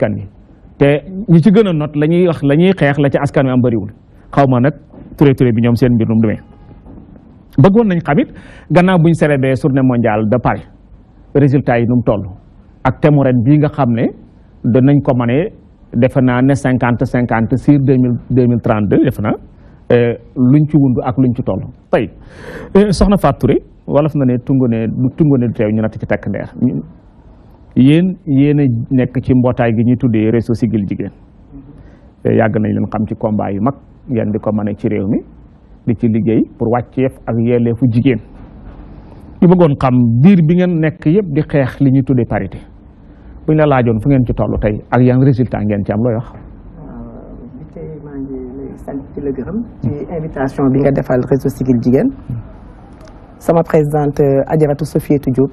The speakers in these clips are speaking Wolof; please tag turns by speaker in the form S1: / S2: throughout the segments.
S1: askan wi te ñi ci gën a not la ñuy wax la ñuy xeex la ci askan wi am bëriwul xaw ma nag turé turé bi ñoom seen mbir num demee bëggoon nañ xamit gannaaw buñ célébré journée mondial de Paris résultat yi nu mu toll ak thème ren bii nga xam ne danañ ko mane defe naa ne cinquante cinquante sur deux mille deux mille trente deux defe euh, luñ ci wund ak luñ ci toll tey euh, soxna Fatou Touré wolof na ne tungu ne tungu ne du teew ñu natt ci takk ndeer yéen yéen a nekk ci mbootaay gi ñuy tuddee réseau Siggil Jigéen yàgg nañ leen xam ci combat yu mag ngeen di ko mën ci réew mi di ci liggéey pour wàcceef ak yelleefu jigéen ñu bëggoon xam biir bi ngeen nekk yëpp di xeex li ñuy tuddee parité buñ la laajoon fu ngeen ci toll tey
S2: ak yan résultat ngeen ci am looy wax. sant ci bi nga defal réseau Siggil Jigéen sama présidente Adjaratou Sofietou Diop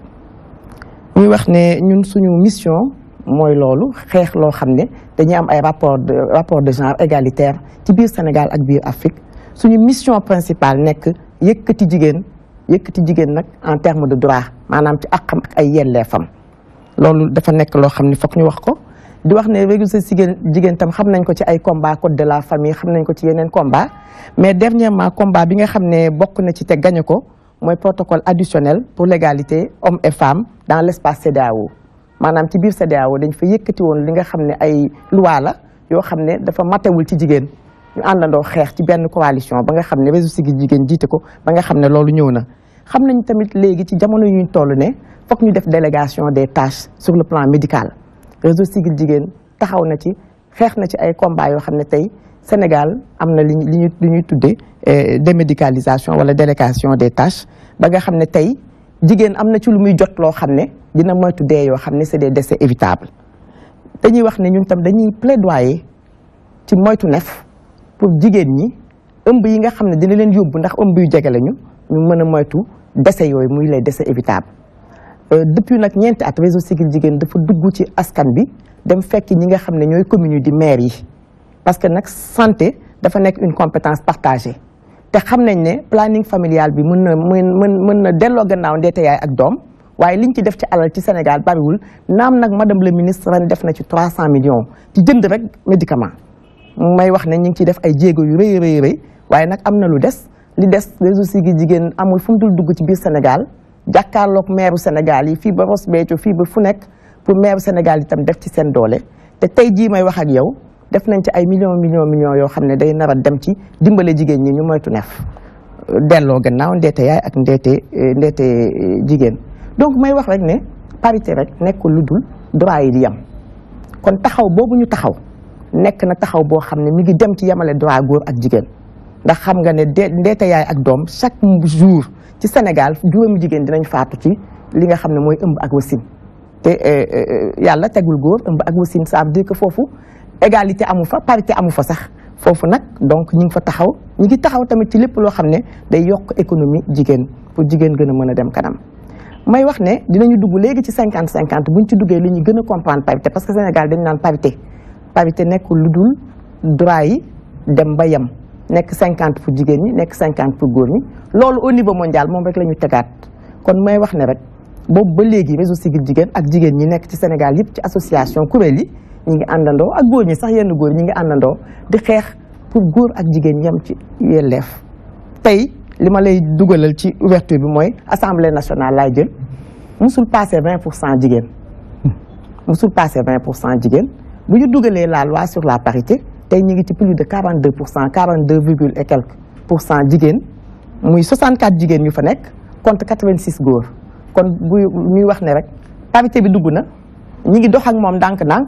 S2: ñuy wax ne ñun suñu mission mooy loolu xeex loo xam ne dañuy am ay rapport de rapport de genre égalitaire ci biir Sénégal ak biir Afrique suñu mission principale nekk yëkkati jigéen yëkkati jigéen nag en terme de droit maanaam ci àqam ak ay yelleefam loolu dafa nekk loo xam ne foog ñu wax ko di wax ne régulier jigéen jigéen tam xam nañ ko ci ay combat code de la famille xam nañ ko ci yeneen combat mais dernièrement combat bi nga xam ne bokk na ci te gañe ko mooy protocole additionnel pour l'égalité homme et femme dans l'espace espace Manam ci biir CEDEAO dañ fa yëkkati won li nga xamné ay loi la yo xamné dafa matéwul ci jigen ñu andando xex ci benn coalition ba nga xamné ne réseau Siggil Jigéen ko ba nga xamné lolu ñëwna xamnañ tamit légui ci jamono ñu tollu ne fokk ñu def délégation des tâches sur le plan médical réseau Siggil Jigéen taxaw na ci xex na ci ay combat yo xamné tay Sénégal amna na li ñuy li ñuy tuddee eh, démédicalisation wala délégation des tâches ba nga xamné tay jigen amna ci lu muy jot lo xam dina moytu dee yo xam c'est des décès évitables dañuy wax ne ñun tam dañuy plaidoyer ci moytu nef pour jigen ñi ëmb yi nga xam dina leen yóbbu ndax ëmb yu jege ñu ñu mëna moytu décès yoy muy les décès évitables euh, depuis nak ñent at réseau Siggil jigen dafa dugg ci askan bi dem fekk ñi nga xam ñoy ñooy communes yi di maire yi parce que nak santé dafa nek une compétence partagée te xam nañ ne planning familial bi mën na mën mën mën na delloo gannaaw ndeete yaay ak doom waaye liñ ci def ci alal ci Sénégal bariwul naam nag ma madame le ministre ren def na ci 300 millions ci jënd rek médicament may wax ne ñu ngi ciy def ay jéego yu rëy rëy rëy waaye nag am na lu des li des réseau gi Jigéen amul fu mu dul dugg ci biir Sénégal jàkkaarlook meeru Sénégal yi fii ba Ross Béthio fii ba fu nekk pour meeru Sénégal itam def ci seen doole te tey jii may wax ak yow def nañ ci ay millions millions millions yoo xam ne day nar a dem ci dimbale jigéen ñi ñu moytu neef delloo gannaaw ndeete yaay ak ndeete ndeete eh, jigéen donc may wax rek ne parité rek nekk lu dul droit yi di yem kon taxaw boobu ñu taxaw nekk na taxaw boo xam ne mi ngi dem ci yemale droit góor ak jigéen ndax xam nga ne de yaay ak doom chaque jour ci Sénégal juróomi jigéen dinañ faatu ci li nga xam ne mooy ëmb ak wasin te eh, eh, yàlla tegul góor ëmb ak wasin ça veut dire foofu égalité amu fa parité amu fa sax foofu nag donc ñu ngi fa taxaw ñu ngi taxaw tamit ci lépp loo xam ne day yokk économie jigéen pour jigéen gën a mën a dem kanam. may wax ne dinañu dugg léegi ci cinquante cinquante buñ ci duggee li ñu gën a comprendre parité parce que Sénégal dañu naan parité parité nekkul lu dul droit yi dem ba yem nekk cinquante fu jigéen ñi nekk cinquante fu góor ñi loolu au niveau mondial moom rek la ñu tegaat kon may wax ne rek boobu ba léegi réseau Siggil Jigéen ak jigéen ñi nekk ci Sénégal yëpp ci association kuréel yi. ñi ngi ak goor ñi sax yenn goor ñi ngi àndandoo di xex pour goor ak jigen ñam ci yelef tay lima lay dugalal ci ouverture bi moy assemblée nationale laay jël musul passer 20% jigen musul passer 20% jigen bu ñu dugalee la loi sur la parité tay ñu ngi ci plus de 42% 42, et quelques pour cent jigéen muy 64 jigen ñu fa nek contre 86 goor kon bu ñuy wax ne rek parité bi duguna ñi ngi dox ak moom ndànk-ndànk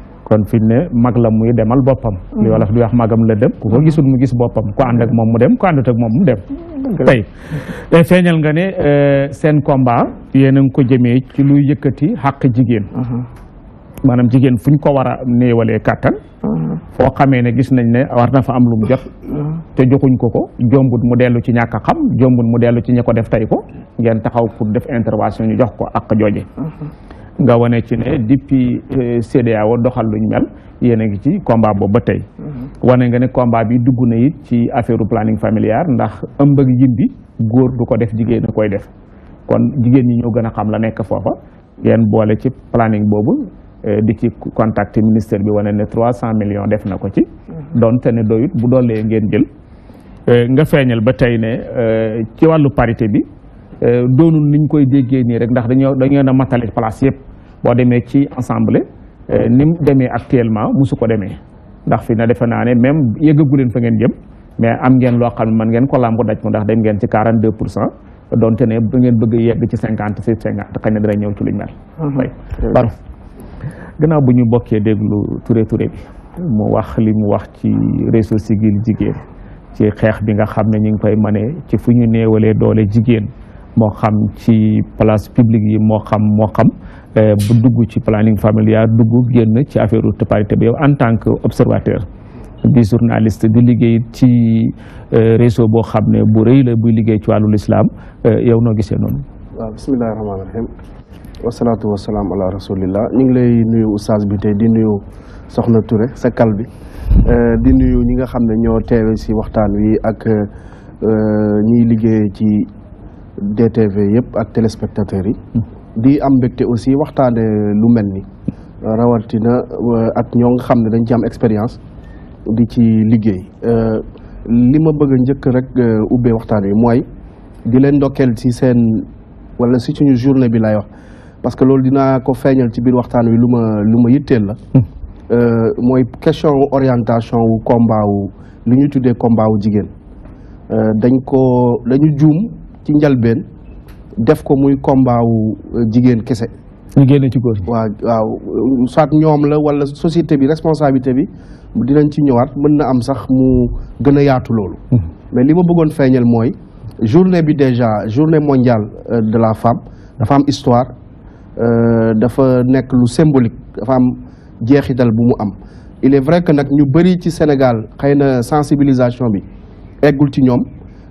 S1: kon fi ne mag la muy demal boppam li mm. wolof di magam la dem ku ko mm. gisul mu gis boppam ko ànd ak moom mu dem ku àndut ak moom mu dem tey te eh, feeñal nga ne eh, seen combat yéen a ngi ko jëmee ci luy yëkkati xàq jigéen mm-hmm. maanaam jigéen fuñ ko war a néewalee kàttan mm-hmm. foo xamee ne gis nañ ne war na fa am lu mu jot mm-hmm. te joguñ ko ko jombut mu dellu ci ñàkk xam jombut mu dellu ci ña ko def tey ko ngeen taxaw pour def intervention ñu jox ko ak jooje nga wane ci ne depuis euh, CEDEAO doxal luñ mel yéen a ngi ci combat boobu ba tey. Mhm. wane nga ne combat bi dugg na it ci affaire planning familial ndax ëmb ak yimbi góor du ko def jigéen a koy def kon jigéen ñi ñoo gën a xam la nekk foofa. ngeen boole ci planning boobu euh, di ci contact ministère bi wane ne trois cent millions def na ko ci. Mhm. donte ne doyut bu doolee ngeen jël. Euh, nga feeñal ba tey ne ci wàllu parité bi doonul niñ koy déggee nii rek ndax dañoo dañoo na matale place yëpp. bo démé ci assemblée eh, ni mu demee actuellement musu ko démé ndax fi na defe naa ne même yëggagu leen fa ngeen jëm mais am ngeen lo xam man ngeen ko laam daj ko ndax dem ngeen ci 42 pour cent donte ne bu ngeen bëgg yegg ci 50 ci 50 xëy dara ñëw ci luñu mel. waaw mhm. gannaaw bu ñu bokkee déglu Touré Touré bi mu wax li mu wax ci réseau civil jigéen ci xex bi nga xam ne ñu ngi koy ci fu ñu néewalee doole jigéen. moo xam ci place publique yi moo xam moo xam eh, bu dugg ci planning familial dugg génn ci affaire u parité bi yow en tant que observateur di journaliste di liggéey ci eh, réseau boo xam ne bu rëy la buy liggéey ci wàllu lislaam eh, yow noo gisee noonu
S3: waaw bismillahi rahmaani rahim wasalaatu wasalaam ala rasulillah ñu ngi lay nuyu oustaz bi tey di nuyu soxna Touré sa bi di nuyu ñi nga xam ne ñoo teewe si waxtaan wi ak ñiy liggéey ci DTV yëpp ak téléspectateurs yi hmm. di am mbégte aussi waxtaane lu mel ni rawartina euh, ak ñoo nga xam ne dañ ci am expérience di ci liggéey euh, li ma bëgg njëkk rek euh, ubbee waxtaan wi mooy di leen ndokkeel ci seen wala ci suñu journée bi lay wax parce que loolu dinaa ko feeñal ci biir waxtaan wi lu ma lu ma yitteel la hmm. mooy question orientation wu combat lu li ñuy tuddee combat jigéen dañ ko dañu juum ci njalbeen def ko muy combat wu euh, jigéen kese. ñu ci goor. waaw waaw euh, soit ñom la wala société bi responsabilité bi dinañ ci ñëwaat mën na am sax mu gëna yaatu loolu. Hum. mais lima ma bëggoon moy journée bi déjà journée mondiale euh, de la femme dafa am histoire euh dafa nek lu symbolique dafa am jeexital bu mu am. il est vrai que nak ñu bari ci Sénégal xeyna sensibilisation bi égul ci ñom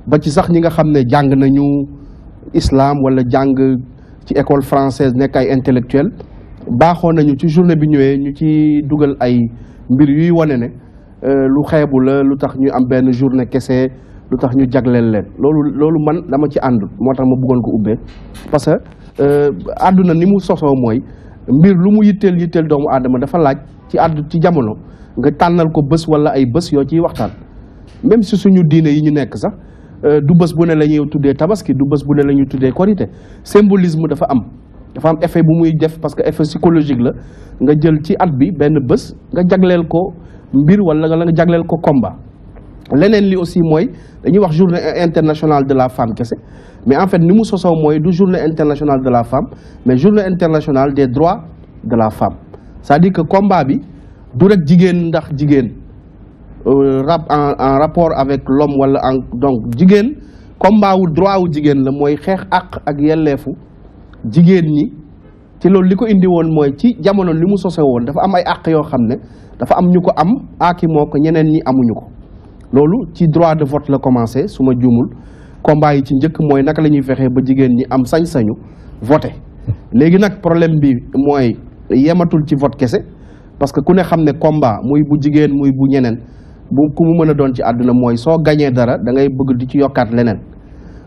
S3: ba ci sax ñi nga xam ne jàng nañu islam wala jàng ci école française nekk ay intellectuel baaxoo nañu ci journée bi ñëwee ñu ci dugal ay mbir yuy wane ne euh, lu xeebu la lu tax ñu am benn journée kese lu tax ñu jagleel leen loolu loolu man dama ci àndul moo tax ma buggoon ko ubbee parce que euh, àdduna ni mu sosoo mooy mbir lu mu yitteel yitteel doomu aadama dafa laaj ci àddu ci jamono nga tànnal ko bés wala ay bés yoo ciy waxtaan même si suñu diine yi ñu nekk sax Euh, du bés bu ne la ñuy tuddee tabaski du bés bu ne la ñuy tuddee korité symbolisme dafa am dafa am effet bu muy def parce que effet psychologique la nga jël ci at bi benn bés nga jagleel ko mbir wala nga jagleel ko combat. lenen li aussi moy dañuy wax journée internationale de la femme kese mais en fait nimu soso moy du journée internationale de la femme mais journée internationale des droits de la femme c'est-à-dire que combat bi du rek jigen ndax jigen euh, rap en en rapport avec l'homme wala en donc jigen combat wu droit wu jigéen Le mooy xeex ak yellefu jigen ni ci lolou liko indi won moy ci jamono limu mu sose dafa am ay ak yo xam dafa am ñuko am ak moo ko ñeneen amuñu ko lolou ci droit de vote la commencé suma djumul combat yi ci njëkk moy nak lañuy fexé ba jigen ni am sañ-sañu voter léegi nak problème bi moy yematul ci vote kese parce que ku ne xam combat muy bu jigen muy bu ñeneen bu ku mu mën a ci aduna moy so gañee dara da ngay bëgg di ci yokkat lenen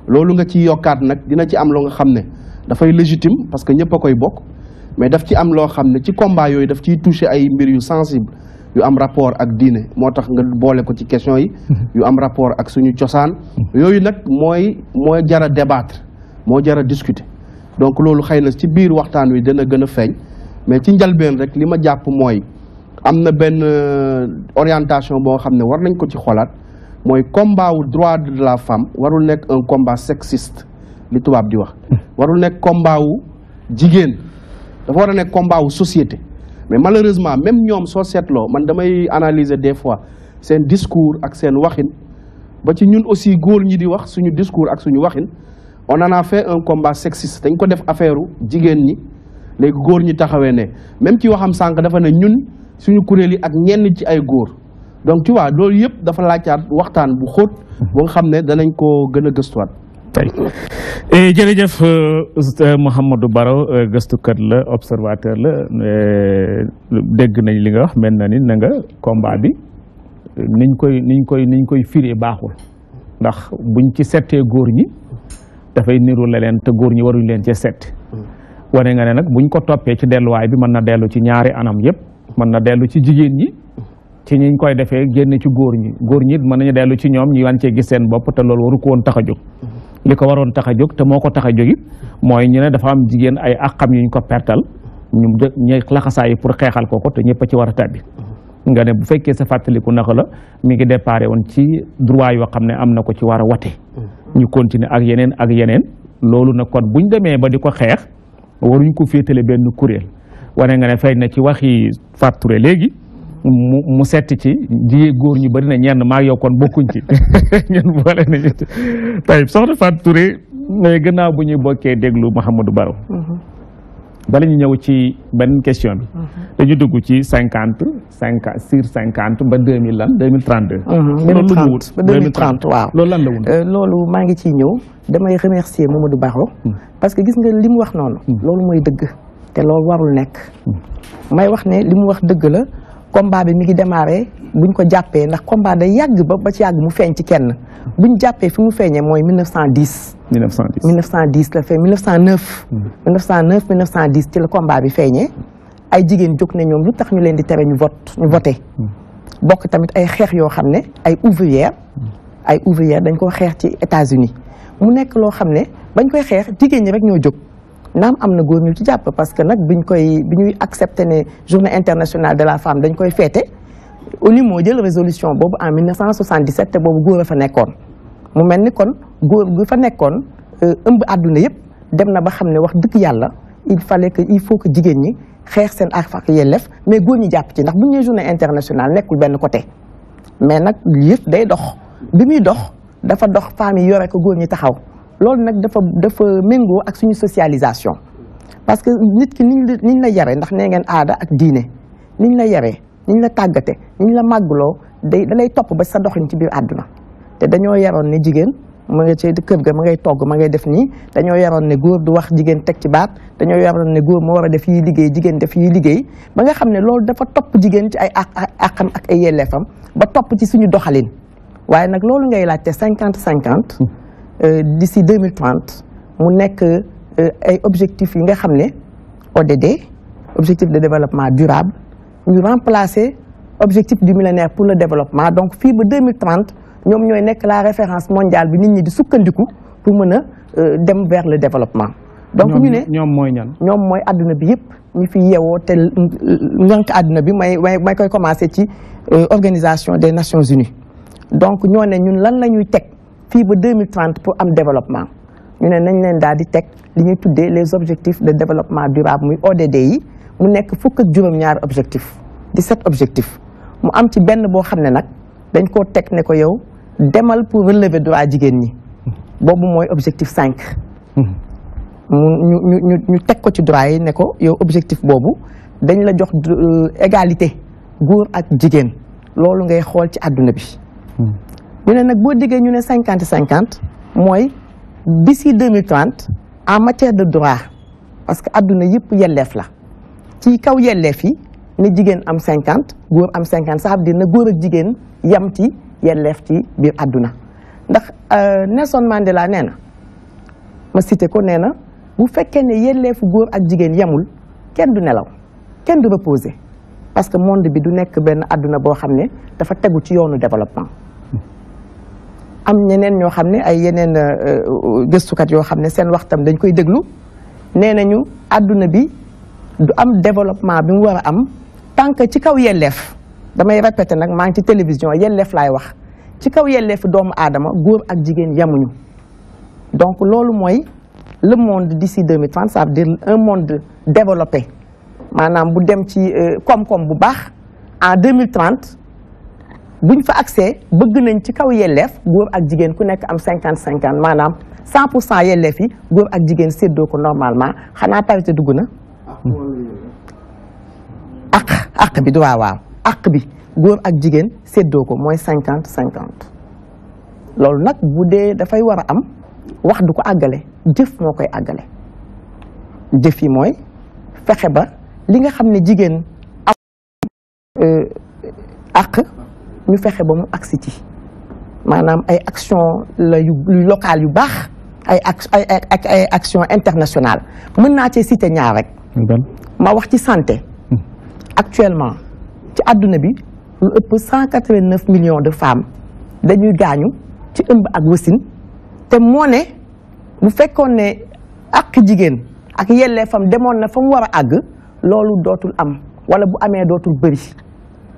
S3: loolu nga ci yokkat nak dina ci am lo nga xamné da fay légitime parce que ñepp akoy koy bokk mais daf ci am lo xamné ci combat yooyu daf ci toucher ay mbir yu sensible yu am rapport ak diiné motax nga boole ko ci question yi yu am rapport ak suñu cosaan yooyu nak moy moy jara débattre mo jara discuter donc loolu xeyna ci biir waxtaan wi dana gëna a mais ci njalbeen rek lima japp moy amna ben orientation bo xamné war nañ ko ci xolat moy combat wu droit de la femme warul nek un combat sexiste li tubaab di wax hmm. warul nek combat wu dafa war nek combat wu société mais malheureusement même ñom so setlo man damay analyser des fois un discours ak sen waxine ba ci ñun aussi góor ñi di wax suñu discours ak suñu waxine on en a fait un combat sexiste dañ ko def affaire jigen ni léegi góor ñi taxawé né même ci waxam sank dafa né ñun suñu kuréel yi ak ñenn ci ay góor donc ci waa loolu yëpp dafa laajaat waxtaan bu xóot boo nga xam ne danañ ko gën a gëstuwaat
S1: tey eh, jërëjëf euh, Mouhamadou Baro euh, gëstukat la observateur la euh, dégg nañ li nga wax mel na ni nanga nga bi niñ koy niñ koy niñ koy firee baaxul ndax buñ ci settee góor ñi dafay niru la leen te góor ñi waruñ leen ci sett hmm. wane nga ne nag buñ ko toppee ci delluwaay bi mën na dellu ci ñaari anam yëpp man na delu ci jigen ñi ci ñi koy defé genn ci goor ñi goor ñi man nañu delu ci ñom ñi wan cee gis seen bop te lool waru ko won taxajuk liko waron taxajuk te ñu ne dafa am jigen ay akam ñu ko pertal ñu ñu laxasaayi pour xéxal koko te ci wara tabbi nga ne bu fekkee sa fàttaliku naka la mi ngi déparé won ci droit yo xamné amna ko ci wara waté ñu continue ak yenen ak yenen loolu na kon buñ démé ba diko xéx waruñ ko ben courriel wone nga ne fay na ci waxi fàtture léegi mu mu ci di góor ñu bari na ñenn maa yow kon bokkuñ ci ñun boole na ci tayib soxna fàtture mais gëna bu ñu bokké déglu Mouhamadou Baro mhm. bala ñu ñëw ci benn question bi mhm. dañu dugg ci 50, 50, sur 50 ba 2000 lan 2032 mhm. lolu lu wut 2030 waaw
S2: lolu lan la wut euh, lolu ma ngi ci ñëw damay remercier Mamadou Baro hmm. parce que gis nga lim wax non hmm. lolu moy deug te loolu warul nekk may wax ne li wax dëgg la combat bi mi ngi démarré buñ ko ndax combat day yàgg ba ba ci yàgg mu feeñ ci kenn buñ jàppee fi mu 1910. 1910 1910 la fait 1909. 1909 1910 ci le combat bi feeñee ay jigéen jóg ne ñoom lu tax ñu leen di tere ñu vote ñu mm. bokk tamit ay xeex yoo xam ay ouvrière mm. ay ouvrière dañ ci États-Unis mu bañ koy naam am na góor ñu ci jàpp parce que nak biñ koy bi ñuy accepté journée internationale de la femme dañ koy féete ONU moo jël résolution bob, en 1977 te boobu góor a fa nekkoon mu mel ni kon góor gu fa nekkoon euh, ëmb àdduna yëpp dem na ba xam ne wax dëgg yàlla il fallait que il faut que jigéen ñi xeex seen ak ak yelleef mais góor ñi jàpp ci ndax bu ñu journée internationale nekkul benn côté mais nak yëpp day dox bi muy dox dafa dox femmes yi ko góor ñi taxaw loolu nag dafa dafa méngoo ak suñu socialisation parce que nit ki niñ la niñ la yare ndax nee ngeen aada ak diine niñ la yaree niñ la tàggate niñ la màggloo day da topp ba sa doxin ci biir àdduna te dañoo yaroon ne jigéen ma nga ci kër ga ma ngay togg ma ngay def nii dañoo yaroon ne góor du wax jigéen teg ci baat dañoo yaroon ne góor mu war a def yiy liggéey jigéen def yiy liggéey ba nga xam ne loolu dafa topp jigéen ci ay àqam ak ay yelleefam ba topp ci suñu doxalin waaye nag loolu ngay laajte cinquante cinquante Euh, d'ici 2030 nous avons ay objectifs vous nga xam ODD objectif de développement durable nous remplacer objectif du millénaire pour le développement donc fii 2030 nous avons la référence mondiale bi nit ñi di sukkandiku pour mën euh, vers le développement. donc nous ne Nous mooy ñan. ñoom mooy àdduna bi yëpp ñu fi yeewoo bi may commencé ci euh, organisation des nations unies donc nous, ne ñun lan la en 2030 pour le développement nous ne les objectifs de développement durable muy ODD yi mu que fukk ak De ñaar objectif objectifs mu nous ci benn nous ne dañ pour relever droit nous, ñi nous, nous, objectif 5 Nous ñu ñu ñu Nous droit yi ne objectif nous, dañ la euh, égalité nous, ak que nous, ngay xool ñu ne nag boo déggee ñu d'ici 2030, en matière de droit parce que adduna yépp yelleef la ci kaw yelleef yi ne jigéen am 50, góor am 50, ça veut dire na góor ak jigéen yam ci ci biir adduna ndax euh, Nelson Mandela nee na ma cité ko nee na bu fekkee ne yelleefu góor ak jigéen yamul kenn du nelaw kenn du parce que monde bi du nekk benn adduna boo xam dafa ci développement am ñeneen ñoo xam ay yeneen euh, euh, gëstukat yoo xam ne seen waxtam dañ koy déglu am développement bi mu am tant que ci kaw yelleef damay ngi ci télévision yelleef laay wax ci kaw yelleef doomu aadama góor ak donc le monde d'ici 2030 ça veut dire un monde développé maanaam bu dem ci euh, bu en 2030 buñ fa accès bëgg nañ ci kaw yelleef góor ak jigéen ku nekk am cinquante cinquante maanaam cent pour cent yelleef yi góor ak jigéen séddoo ko normalement xanaa parité dugg na ak ak bi du ak bi góor ak jigéen séddoo ko mooy cinquante cinquante loolu nag bu dee dafay war a am wax du ko àggale jëf moo koy àggale jëf yi mooy fexe ba li nga xam ne jigéen am ak euh, ñu fexé ba mu agsi ci manam ay action la yu local yu bax ay ay ay action internationale mën ci cité ñaar rek ma wax ci santé hmm. actuellement ci aduna bi lu ëpp cent millions de femmes dañuy gañu ci ëmb ak wasine té mo né bu fekkone ak jigen ak yelle fam demoon na fam wara ag a dotul am wala bu amé dotul beuri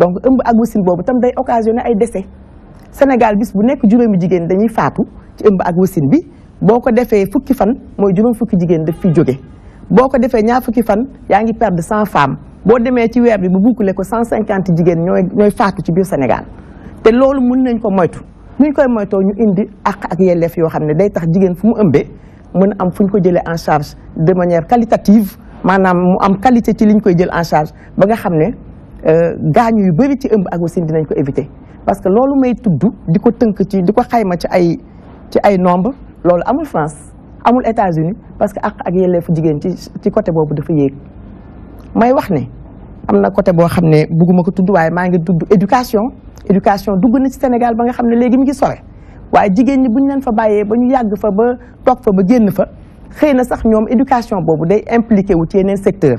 S2: donc ëmb ak wasin boobu tam day occasionné ay décès Sénégal bis bu nekk juróomi jigéen dañuy faatu ci ëmb ak wasin bi boo ko defee fukki fan mooy juróom fukki jigéen daf fi jóge boo ko defee ñaar fukki fan yaa ngi perdre cent femmes boo demee ci weer bi bu bukkule ko cent cinquante jigéen ñooy ñooy faatu ci biir Sénégal te loolu mun nañ ko moytu nuñ koy moytoo ñu indi ak ak yelleef yoo xam ne day tax jigéen fu mu ëmbee mën a am fu ñu ko jëlee en charge de manière qualitative maanaam mu am qualité ci liñ koy jël en ba nga xam ne Euh, Gagne, yu a ci ëmb ak wasin dinañ éviter parce que loolu may tudd diko teunk ci diko xayma ci ay ci ay nombre loolu amul France amul États-Unis parce que ak ak yelleefu un ci ci côté bobu dafa may wax ne amna côté bo xamné éducation éducation na ci Sénégal ba nga xamné légui ngi jigen fa fa éducation secteur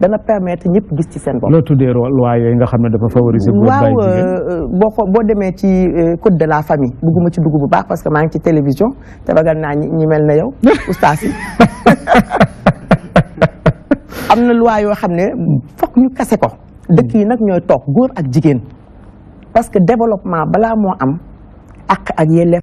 S2: dana permettre ñëpp gis ci seen bopp. loo
S1: tuddee loi yooyu nga xam ne dafa favoriser. waaw euh, euh,
S2: boo boo demee ci euh, code de la famille bugguma ci dugg bu baax parce que maa ngi ci télévision te bagal naa ñi mel na yow oustaz yi am na loi yoo xam ne foog ñu kase ko. dëkk yi nag ñooy toog góor ak jigéen parce que développement balaa moo am ak ak yelleef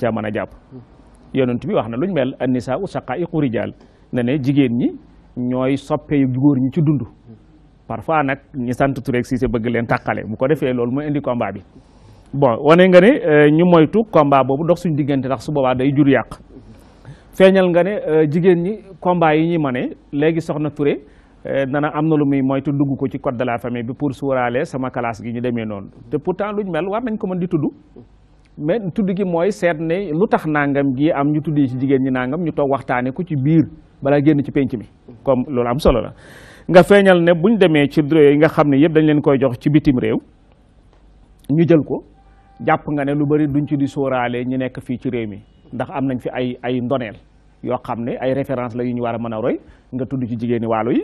S1: caa mën a jàpp yonent bi wax na luñ mel annisa u saqaiqu rijal ne ne jigéen ñi ñooy soppe yu góor ñi ci dund parfois nag ñi sant Touré si bëgg leen tàqale bu ko defee loolu mooy indi combat bi bon wane nga ne euh, ñu moytu combat boobu dox suñ diggante ndax su boobaa day jur yàq feeñal nga ne euh, jigéen ñi combat yi ñuy mëne léegi soxna Touré euh, nana am na lu muy moytu dugg ko ci code de la famille bi pour suuraale sama classe gi ñu demee noonu te pourtant mais tudd gi mooy seet ne lu tax nangam gi am ñu tuddee ci jigéen ñi nangam ñu toog waxtaane ko ci biir balaa génn ci penc mi comme loolu am solo la nga feeñal ne buñ demee ci droit yi nga xam ne yëpp dañ leen koy jox ci bitim réew ñu jël ko jàpp nga ne lu bari duñ ci di sóoraale ñu nekk fii ci réew mi ndax am nañ fi ay ay ndoneel yoo xam ne ay référence la yu ñu war a mën a roy nga tudd ci jigéeni waalo yi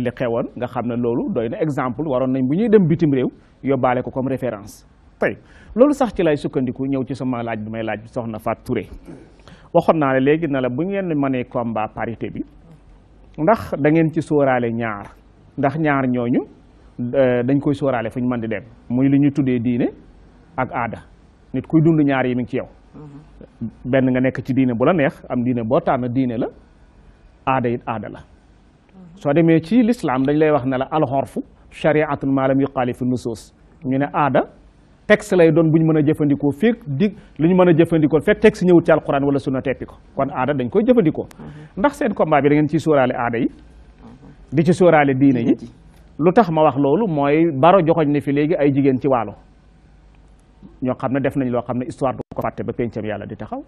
S1: li xewoon nga xam ne loolu doy na exemple waroon nañ bu ñuy dem bitim réew yóbbaale ko comme référence fay loolu sax ci lay sukkandiku ñew ci sama laaj bi may laaj soxna fat Touré waxon na la légui na la bu ngeen mané combat parité bi ndax da ngeen ci sóoraale ñaar ndax ñaar ñoñu euh, dañ koy fuñu mën di dem muy li ñu tuddee ak aada nit kuy dund ñaar yi mi ngi ci
S4: mm-hmm.
S1: nga nek ci diiné bu la neex am dina bo tànn diiné la aada yi aada la mm-hmm. so démé ci l'islam dañ lay wax na la alxorfu chariatun maalam yuqaali fi nusus ñu né aada texte lay doon bu ñu mën a jëfandikoo fii di lu ñu mën a jëfandikoo fekk texte ñëwut ci alquran wala sunna teppi ko kon aada dañ koy jëfandikoo mhm. ndax seen combat bi da ngeen ci sóoraale aada yi mhm. di ci sooraale diine yi lu tax ma wax loolu mooy baro joxoñ ne fi léegi ay jigéen ci waalo ñoo xam ne def nañ loo xam ne histoire du ko fàtte ba pencam yàlla di taxaw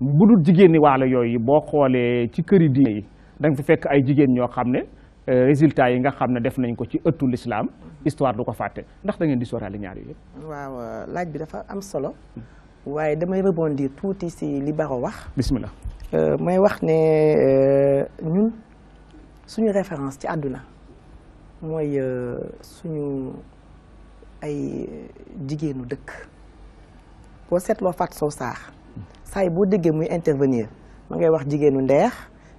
S1: bu dul jigéen ni waalo yooyu boo xoolee ci këri diine yi da nga fekk ay jigéen ñoo xam ne Euh, résultats yi nga xamne def nañ ko ci ëttu l'islam histoire du ko fàtte ndax da ngeen di sóoraale ñaar yooyu
S2: waaw euh, laaj bi dafa am solo waye damay rebondir tuuti si li Baro wax bismillah euh may wax ne euh, ñun suñu référence ci àdduna mooy suñu ay jigéenu dëkk bo set lo fat Sarr sax say bo déggé muy intervenir ma ngay wax jigéenu ndex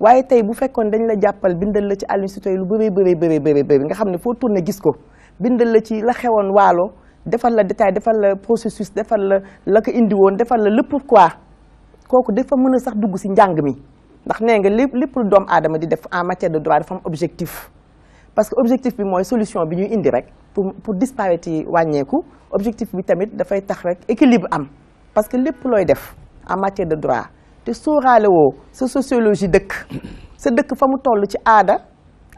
S2: waye tay bu fekkone dañ la jappal bindal la ci Aline Sitoé lu bëree bëree bëree bëri nga xam fo tourner gis ko bindal la ci la xewoon walo defal la détail defal la processus defal la la ko indi won defal la le pourquoi koku defa meuna sax dugg ci njang mi ndax ne nga lepp lepp lu doomu aadama di def en matière de droit dafa objectif. parce que objectif bi moy solution bi ñuy indi rek pour pour disparité yi objectif bi tamit da fay tax rek équilibre am parce que lepp loy def en matière de droit. te sóoraale woo sa sociologie dëkk sa dëkk fa mu toll ci aada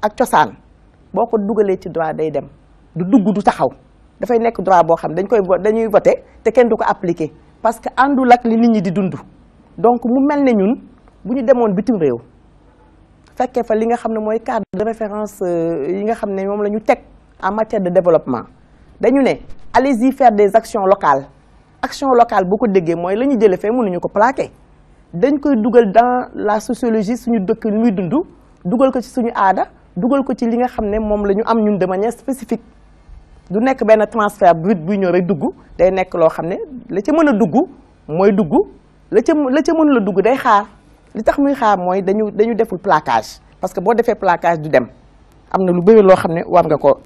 S2: ak cosaan boo ko dugalee ci droit day dem du dugg du taxaw dafay nekk droit boo xam dañ koy dañuy voté te kenn du ko appliqué parce que àndul ak li nit ñi di dundu donc mu mel ne ñun bu ñu demoon bitim réew fekkee fa li nga xam ne mooy cadre de référence euh, yi nga xam ne moom la ñu teg en matière de développement dañu ne allez-y faire des actions locales action locale boo ko déggee mooy la ñu jëlee fee mënuñu ko plaqué dañ koy dans la sociologie suñu dëkk muy dund ko ci suñu aada ko ci li am ñun de manière spécifique du nekk un transfert brut buy ñëw rek dugg day nekk loo la a dugg mooy la ca la la dugg day xaar li tax muy xaar parce que boo defee placage du dem am lu bëri loo xam war nga ko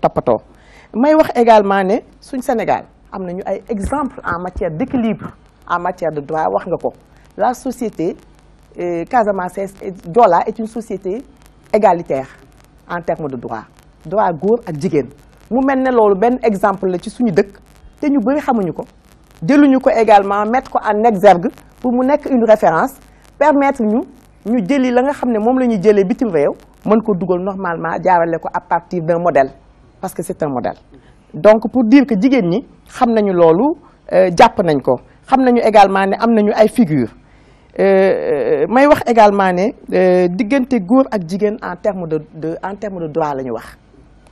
S2: également suñ Sénégal am nañu ay exemple en matière d'équilibre en matière de droit wax nga la société euh, Casamance Joola est une société égalitaire en termes de droit droit gour ak jigéen mu mel ne loolu exemple la ci suñu dëkk te ñu bëri xamuñu ko jëluñu ko également mettre ko en exergue pour mu nekk une référence permettre ñu ñu jëli la nga xam ne moom la ñuy jëlee bitim réew ko dugal normalement jaarale ko à partir d'un modèle parce que c'est un modèle donc pour dire que jigéen ñi xam nañu loolu euh, jàpp nañ ko xam nañu également ne am ay figures Euh, euh, may wax également ne euh, diggante góor ak jigéen en terme de de de droit la ñu wax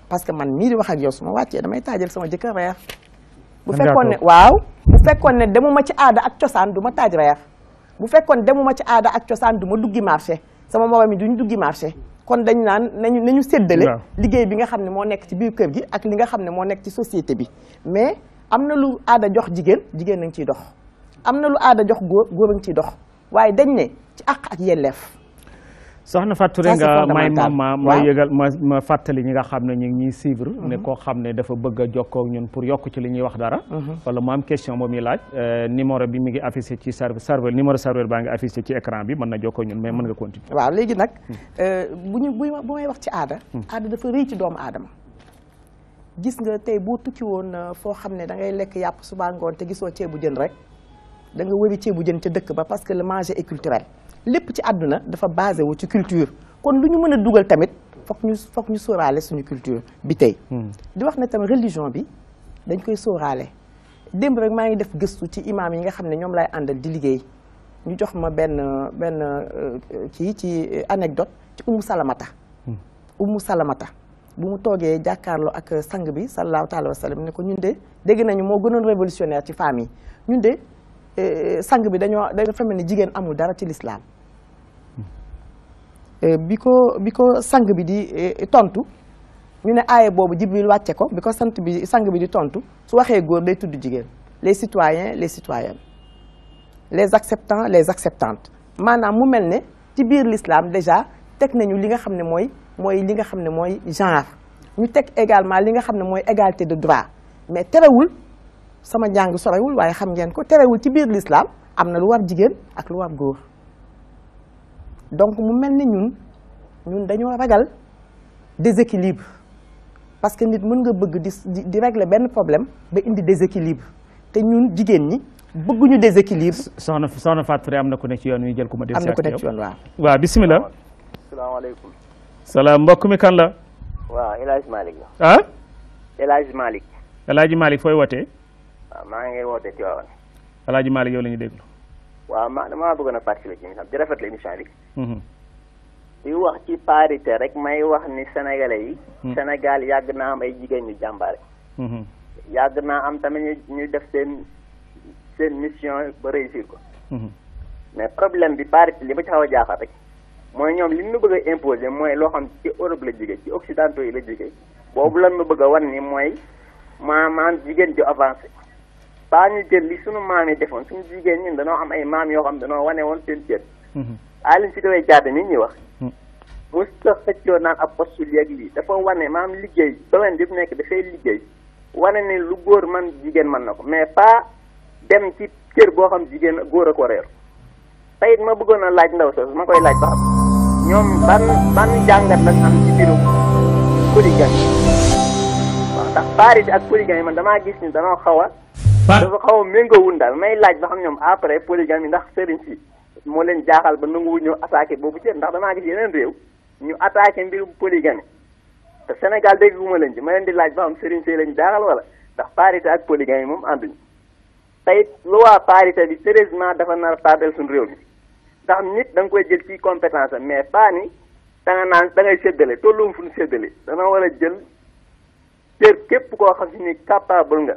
S2: parce que man mii di wax ak yow suma wàccee damay taajal sama jëkkër reer bu fekkoon ne waaw bu fekkoon ne demuma ci aada ak cosaan du ma taaj reer bu fekkoon demuma ci aada ak cosaan du ma duggi marché sama morom yi duñ duggi marché kon dañ naan nañu nañu séddale liggéey bi nga xam ne moo nekk ci biir kër gi ak li nga xam ne moo nekk ci société bi mais am na lu aada jox jigéen jigéen nañ ciy dox am na lu aada jox góor góor a ngi ciy dox waaye dañ ne ci àq ak yelleef
S1: soxna Fatou Touré nga may moom ma ma yëgal ma fàttali ñi nga xam ne ñu ngi ñuy suivre mhm. ne koo xam ne dafa bëgg a jokkoo ñun pour yokk ci li ñuy wax dara mhm. wala mu question moom yi laaj euh, numéro bi mi ngi affiché ci serveur numéro serveur baa ngi affiché ci écran bi mën na jokkoo ñun mais mën nga continuer
S2: waaw léegi nag mhm. euh, bu ñu bu may wax ci aada aada dafa rëy ci doomu aadama gis nga tey boo tukki woon na euh, foo xam ne dangay lekk yàpp suba ngoon te gisoo ceebu jën rek da nga wëri bu jeun ci dëkk ba parce que le manger est culturel lepp ci aduna dafa basé wu ci culture kon lu ñu mën a tamit foog ñu foog ñu sóoraale suñu culture bi tay hmm. di wax ne tam religion bi dañ koy sóoraale demb rek ma ngi def gestu ci imam yi nga xamné ñom lay andal di liggéey ñu jox ma ben ben ci euh, ci anecdote ci umu salamata hmm. umu salamata bu mu toogee jakarlo ak sang bi sallallahu taala wa sallam ne ko ñun de dégg nañu mo gënon révolutionnaire ci femmes ñun de eh, sang bi dañoo dafa mel ni amul dara ci sang bi di tontu ñu ne aaye ko sang bi tontu su les citoyens les citoyennes les acceptants les acceptantes maanaam mu mel ne ci l'islam déjà teg nañu li nga xam ne mooy li nga également li nga de droit mais sama njàng sorewul waaye xam ngeen ko terewul ci biir lislaam am na lu war jigéen ak lu war góor donc mu mel ni ñun ñun dañoo ragal déséquilibre parce que nit mën nga bëgg di di régler benn problème ba indi déséquilibre te ñun jigéen ñi bëgguñu déséquilibre.
S1: soxna soxna Fatou am na ku ne ci yoon wi jël ku ma. am na ku ne ci yoon waaw.
S4: waaw
S1: salaam mbokk mi kan la.
S5: waaw El Hadj Malick
S1: la. Ah? fooy wootee.
S5: maa ngi woote Tivaouane.
S1: El Hadj Malick yow la ñuy déglu.
S5: waaw ma damaa bëggoon a participer ci émission bi di rafetlu émission bi. Mhm. di wax ci parité rek may wax ni sénégalais yi. Mhm. Sénégal yàgg naa am ay jigéen ñu jàmbaare. Mhm. yàgg naa am tamit ñu def seen seen mission ba réussir ko. mais problème bi parité li ma ci xaw a mooy ñoom li ñu bëgg a imposer mooy loo xam ci Europe la jógee ci Occidentaux yi la jógee boobu lan ma bëgg a ni mooy maanaam jigéen baa ñu jël li suñu maam yi defoon suñu jigéen ñun danoo am ay maam yoo xam danoo wane woon seen cër Aline Sitoé Diatta mi ñuy wax mhm. mu sa xëccoo naan ab postu lii ak lii dafa wane maam liggéey domaine bi mu nekk dafay liggéey wane ni lu góor man jigéen man na ko mais pas dem ci cër boo xam jigéen góor a ko reer tey ma bëggoon a laaj ndaw soosu ma koy laaj ba xam ñoom ban ban jàngat lañ am ci mbirum hooligan yi waaw ndax Paris ak hooligan yi man xaw dafa xaw a méngoowul daal may laaj ba xam ñoom après polygame yi ndax sëriñ si moo leen jaaxal ba nanguwu ñëw attaqué boobu cër ndax damaa gis yeneen réew ñu attaqué mbirum polygame te Sénégal dégguma leen ci ma leen di laaj ba xam sëriñ si lañ jaaxal wala ndax parité ak polygame yi moom ànduñu tey loi parité bi ma dafa nar a tardel suñu réew mi ndax nit da koy jël ci compétence mais pas ni da naan da ngay séddale tolluwum fu ñu séddale dana war a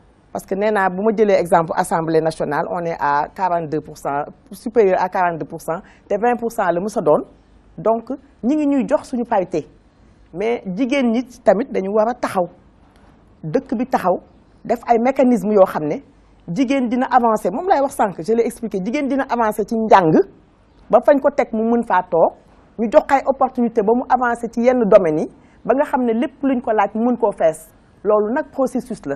S2: parce que nee naa bu ma exemple assemblée nationale on est à 42 supérieur à 42 pour 20 le cent la mu sa doon donc ñi ngi ñuy jox suñu parité mais jigéen ñi tamit dañu war a taxaw dëkk bi taxaw def ay mécanismes yoo xam ne jigéen dina avancé moom lay wax sànq je l'ai expliqué jigéen dina avancé ci njàng ba fañ ko teg mu mën faa toog ñu jox ay opportunité ba mu avancé ci yenn domaines yi ba nga xam ne lépp luñ ko laaj mu mën koo fees loolu processus là.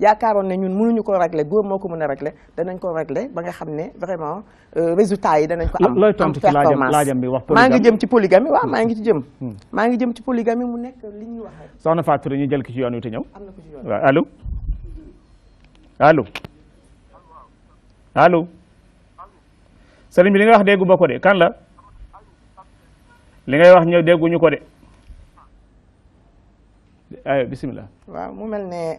S2: yaakaaroon ne ñun mënuñu ko régler góor moo ko mën a régler danañ ko régler ba nga xam ne vraiment euh, résultat yi danañ ko am looy tontu ci laajam bi wax maa ngi jëm ci polygamie waaw maa ngi ci jëm hmm. Hmm. maa ngi jëm ci polygamie mu nekk li ñu wax
S1: soxna Fatou ñu jël ki ci yoon wi te ñëw am na ko bi li ngay wax déggu ma ko de kan la li ngay wax ñëw dégguñu ko de
S2: ayo waaw mu mel ne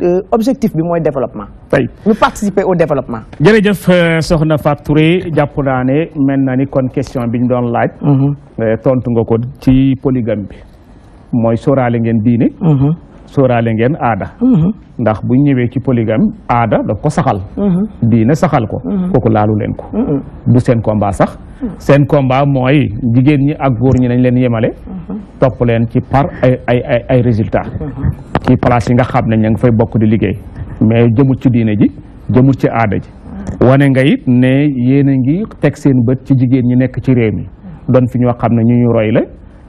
S2: Euh, objectif bi moy développement. tey ñu participer au développement.
S1: jërëjëf euh, soxna Fatou Touré jàpp naa ne kon question biñ doon laaj. Mhm. Euh, tontu nga ko ci polygamie bi moy sóoraale ngeen diine. Mhm. soorale ngeen aada ndax bu ñewé ci polygame aada da ko saxal diine saxal ko kooku laalu len ko du sen combat sax sen combat moy jigen ñi ak goor ñi nañ leen yemale top len ci par ay ay ay résultat ci place yi nga xamné ne fay bokku di liggéey mais jëmu ci diiné ji jëmu ci aada ji wone nga it ne yéen ngi tek seen bëtt ci jigen ñi nekk ci réew mi doon fi ñu ñu roy la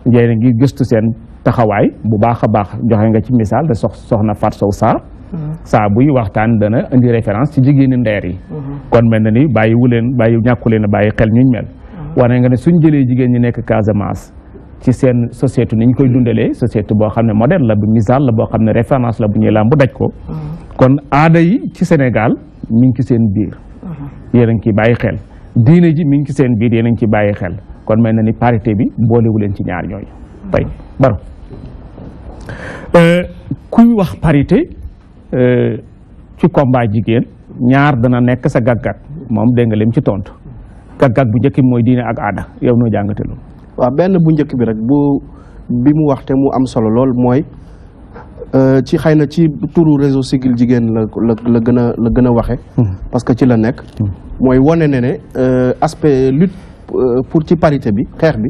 S1: yéen ngi gëstu seen taxawaay bu baax a baax joxe nga ci misaal de sox soxna Fatou Sow Sarr mm-hmm. saa buy waxtaan dana indi référence ci jigéenu ndeer yi mm-hmm. kon mel na ni bàyyi wuleen bàyyi ñàkku leen bàyyi xel ñuñ mel mm-hmm. wane nga ne suñ jëlee jigéen ñi nekk Casamance ci seen société ni ñu koy dundalee société boo xam ne modèle la bu misaal la boo xam ne référence la bu ñuy làmb daj ko kon aada yi ci Sénégal mi ngi ci seen biir yéen a ngi ciy bàyyi xel diine ji mi ngi ci seen biir yéen a ngi ciy bàyyi xel kon mel na ni parité bi boolewu leen ci ñaar ñooyu Euh, kuy wax parité euh, ci combat jigéen ñaar dana nekk sa gàggag moom dégg nga lim ci tontu gàggag bu njëkk bi mooy diine ak aada yow noo jàngate loolu.
S3: waaw benn bu njëkk bi rek bu bi mu wax te mu am solo lool mooy euh, ci xëy na ci turu réseau Siggil Jigéen la la gën a la gën a waxe hmm. parce que ci la nekk. Hmm. mooy wane ne ne aspect lutte pour ci parité bi xeex bi.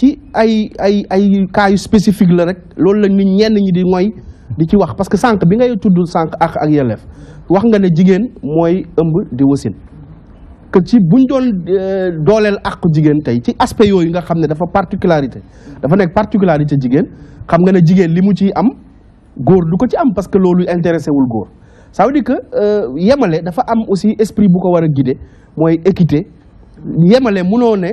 S3: ci ay ay ay cas spécifique la rek loolu la nit ñenn ñi di mooy di ci wax parce que sànq bi ngay tudd sànq ak ak yelleef wax nga ne jigéen mooy ëmb di wasin que ci buñ doon euh, dooleel ak jigéen tey ci aspect yooyu nga xam ne dafa particularité dafa nekk particularité jigéen xam nga ne jigéen li mu ciy am góor du ko ci am parce que loolu intéressé wul góor ça veut dire que euh, yemale dafa am aussi esprit bu ko war a guider mooy équité yemale munoo ne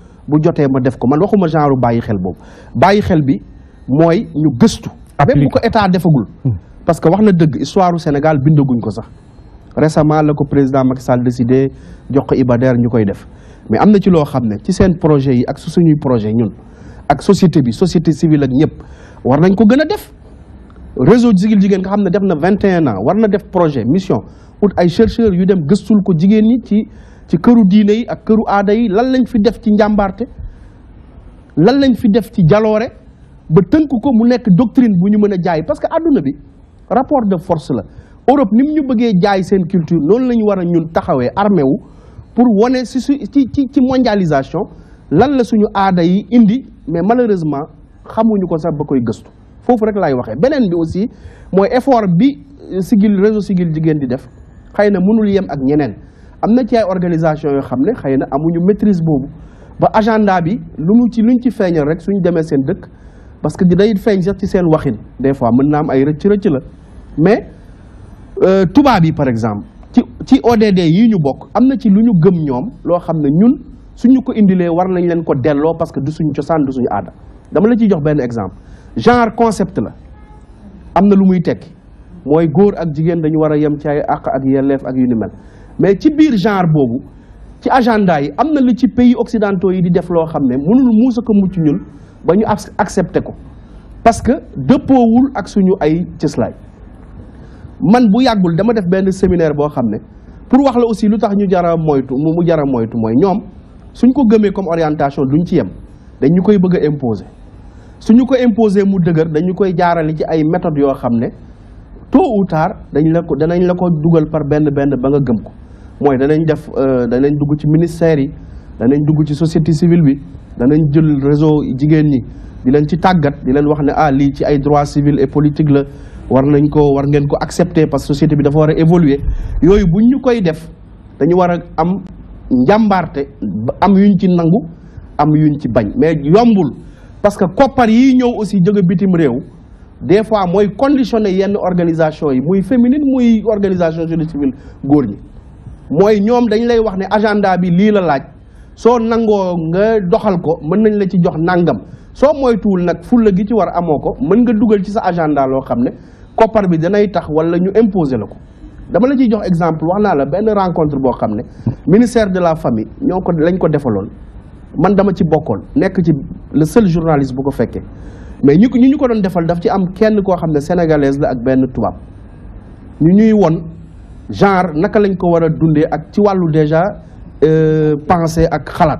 S3: bu joté ma def ko man waxuma genre bàyyi xel bob bàyyi xel bi moy ñu gëstu même bu ko état defagul parce que waxna deug histoire du Sénégal bindaguñ ko sax récemment le président Macky Sall décidé jox ko Ibader ñukoy def mais amna ci lo xamné ci sen projet yi ak su suñuy projet ñun ak société bi société civile ak ñep war nañ ko gëna def réseau Siggil Jigéen nga xamné def na 21 ans war na def projet mission out ay chercheurs yu dem gëstul ko jigéen ñi ci ci këru diine yi ak këru aada yi lan lañ fi def ci njàmbaarte lan lañ fi def ci jaloore ba tënk ko mu nekk doctrine bu ñu mën a jaay parce que àdduna bi rapport de force la Europe ni mu ñu bëggee jaay seen culture noonu la ñu war a ñun taxawee armé wu pour wane si su ci ci ci mondialisation lan la suñu aada yi indi mais malheureusement xamuñu ko sax ba koy gëstu foofu rek lay waxee beneen bi aussi mooy effort bi sigil réseau sigil jigéen di def xëy na mënul yem ak ñeneen. am na ci ay organisation yoo xam ne xëy na amuñu maitrise boobu ba agenda bi lu mu ci luñ ci feeñal rek suñu demee seen dëkk parce que day feeñ sax ci seen waxin des fois mën naa am ay rëcc rëcc la mais euh, tubaab yi par exemple ci ci ODD yi ñu bokk am na ci lu ñu gëm ñoom loo xam ne ñun suñu ko indilee war nañ leen ko delloo parce que du suñu cosaan suñu aada dama la ciy jox benn exemple genre concept la am na lu muy tekki mooy góor ak jigéen dañu war a yem ci ay àq ak yelleef ak yu ni mel mais ci biir genre boobu ci agenda yi am na lu ci pays occidentaux yi di def loo xam ne mënul muus a ko mucc ñun ba ñu accepté ko parce que dëppoowul ak suñu ay cëslaay man bu yàggul dama def benn séminaire boo xam ne pour wax la aussi lu tax ñu jara moytu mu mu jara moytu mooy ñoom suñ ko gëmee comme orientation duñ ci yem dañu koy bëgg a su ñu ko imposer mu dëgër dañu koy jaarale ci ay méthodes yoo xam ne tôt ou tard dañ la ko danañ la ko dugal par benn benn ba nga gëm ko mooy danañ def euh, danañ dugg ci ministère yi danañ dugg ci société civile bi danañ jël réseau jigéen ñi di ci tàggat di leen wax ne ah lii ci ay droits civils et politiques la war nañ ko war ngeen ko accepter parce que société bi dafa war a évoluer yooyu buñ ñu koy def dañu war a am njàmbaarte am yuñ ci nangu am yuñ ci bañ mais yombul parce que koppar yi ñëw aussi jege bitim réew des fois mooy conditionné yenn organisation yi muy féminine muy organisation société civile góor ñi mooy ñoom dañ lay wax ne agenda bi lii la laaj soo nangoo nga doxal ko mën nañ la ci jox nangam soo moytuwul nag fulla gi ci war amoo ko mën nga dugal ci sa agenda loo xam ne koppar bi danay tax wala ñu imposer la ko dama la ciy jox exemple wax naa la benn rencontre boo xam ne ministère de la famille ñoo ko lañ ko defaloon man dama ci bokkoon nekk ci le seul journaliste bu ko fekkee mais ñu ñu ñu ko doon defal daf ci am kenn koo xam ne sénégalaise la ak benn tubaab genre naka lañ ko war a dundee ak ci wàllu déjà euh, pensée ak xalaat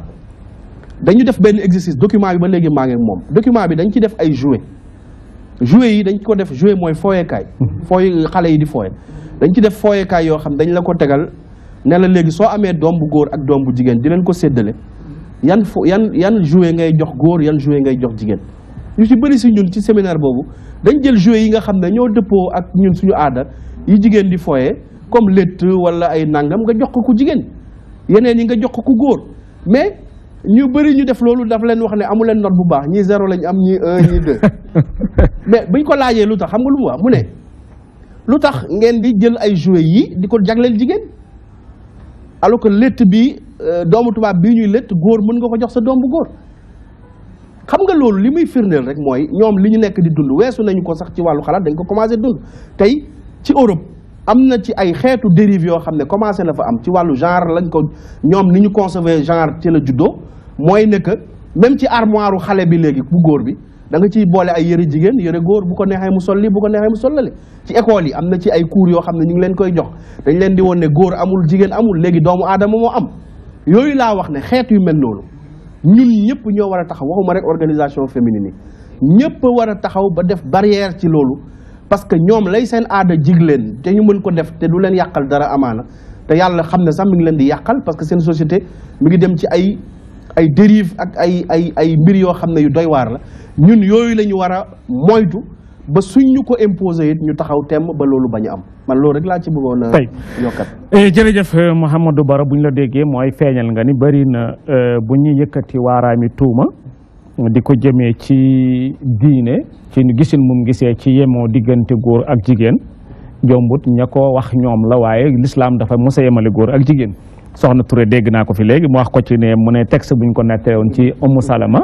S3: dañu def benn exercice document bi ba léegi maa ngi moom document bi dañ ci def ay jouet jouet yi dañ ko def jouet mooy fooyekaay fooy xale yi di fooye dañ ci def fooyekaay yoo xam dañ la ko tegal ne léegi soo amee doom bu góor ak doom bu jigéen di leen ko séddale yan fo yan yan jouet ngay jox góor yan jouet ngay jox jigéen ñu ci bëri si ñun ci séminaire boobu dañ jël jouet yi nga xam ne ñoo dëppoo ak ñun suñu aada yi jigéen di fooye comme létt wala ay nangam nga jox ko ku jigéen yeneen yi nga jox ko ku góor mais ñu bari ñu def loolu daf leen wax ne amu leen note bu baax ñii zéro lañ am ñii un deux mais buñ ko laajee lu tax xam nga lu mu mu ne lu tax ngeen di jël ay jouet yi di ko jagleel jigéen alors que létt bi euh, doomu tubaab bii ñuy létt góor mën nga ko jox sa doom bu góor xam nga loolu li muy firndeel rek mooy ñoom li ñu nekk di dund weesu nañu ko sax ci wàllu xalaat dañ ko commencé dund tey ci Europe amna ci ay xéetu dérive yo xamné commencé na fa am ci walu genre lañ ko ñom ni ñu conservé genre ci la juddoo moy ne que même ci armoire xalé bi légui bu góor bi da nga ci bolé ay yéré jigen yéré góor bu ko neexee mu solli bu ko neexee mu sollale ci école yi amna ci ay cours yo xamné ne ñu ngi leen koy jox dañ leen di woon ne amul jigen amul légui doomu adam, mo am yoyu la wax ne xéetu yu mel noonu ñun ñëpp ñoo wara taxaw waxuma rek organisation féminine yi ñëpp war taxaw ba def barrière ci lolu parce que ñoom lay seen aada jig leen te ñu mën ko def te du leen yàqal dara amaana te yàlla xam ne sax mi leen di yàqal parce que seen société mi ngi dem ci ay ay dérive ak ay ay ay mbir yoo xam ne yu doy waar la ñun yooyu lañu ñu war a moytu ba suñ ñu ko imposé it ñu taxaw temm ba loolu bañ am man loolu rek laa ci bëggoon a. tey yokkat eh,
S1: jërëjëf euh, Mouhamadou Bara bu ñu la déggee mooy feeñal nga ni bëri na euh, bu ñuy yëkkati waaraami tuuma. di ko jëmee ci diine ci gisin mu gisee ci yemoo diggante góor ak jigéen jombut ña ko wax ñoom la waaye lislaam dafa mos a yemale góor ak jigéen soxna Touré dégg naa ko fi léegi mu wax ko ci ne mu ne texte buñ ko nettee woon ci Ummu Salama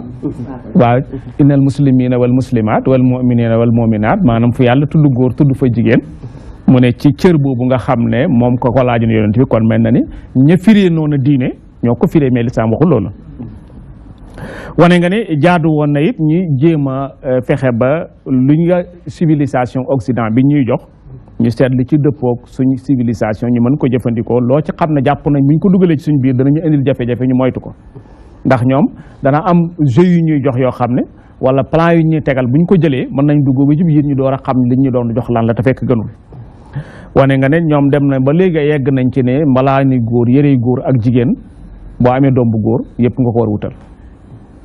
S1: waaw innal muslimina wal muslimat wal muminina wal muminat maanaam fu yàlla tudd góor tudd fa jigéen mu ne ci cër boobu nga xam ne moom ko ko laajoon yonent bi kon mel na ni ña firee noonu diine ñoo ko firee mais lislaam wane nga ne jaadu woon na it ñuy jéem a euh, fexe ba lu ñu civilisation Occident bi ñuy jox ñu seet li ci dëppoog suñu civilisation ñu mën ko jëfandikoo loo ci xam ne jàpp nañ bi ñu ko dugalee ci suñu biir danañu indil jafe ñu moytu ko ndax ñoom dana am jeu yu ñuy jox yoo xam ne wala plan yu ñuy tegal bu ñu ko jëlee mën nañ dugg ba ci biir ñu door a xam li ñu doon jox lan la fekk gënul wane nga ne ñoom dem na ba léegi yegg nañ ci ne mbalaa mbalaani góor yërey góor ak jigéen boo amee doom bu góor yëpp nga ko war wutal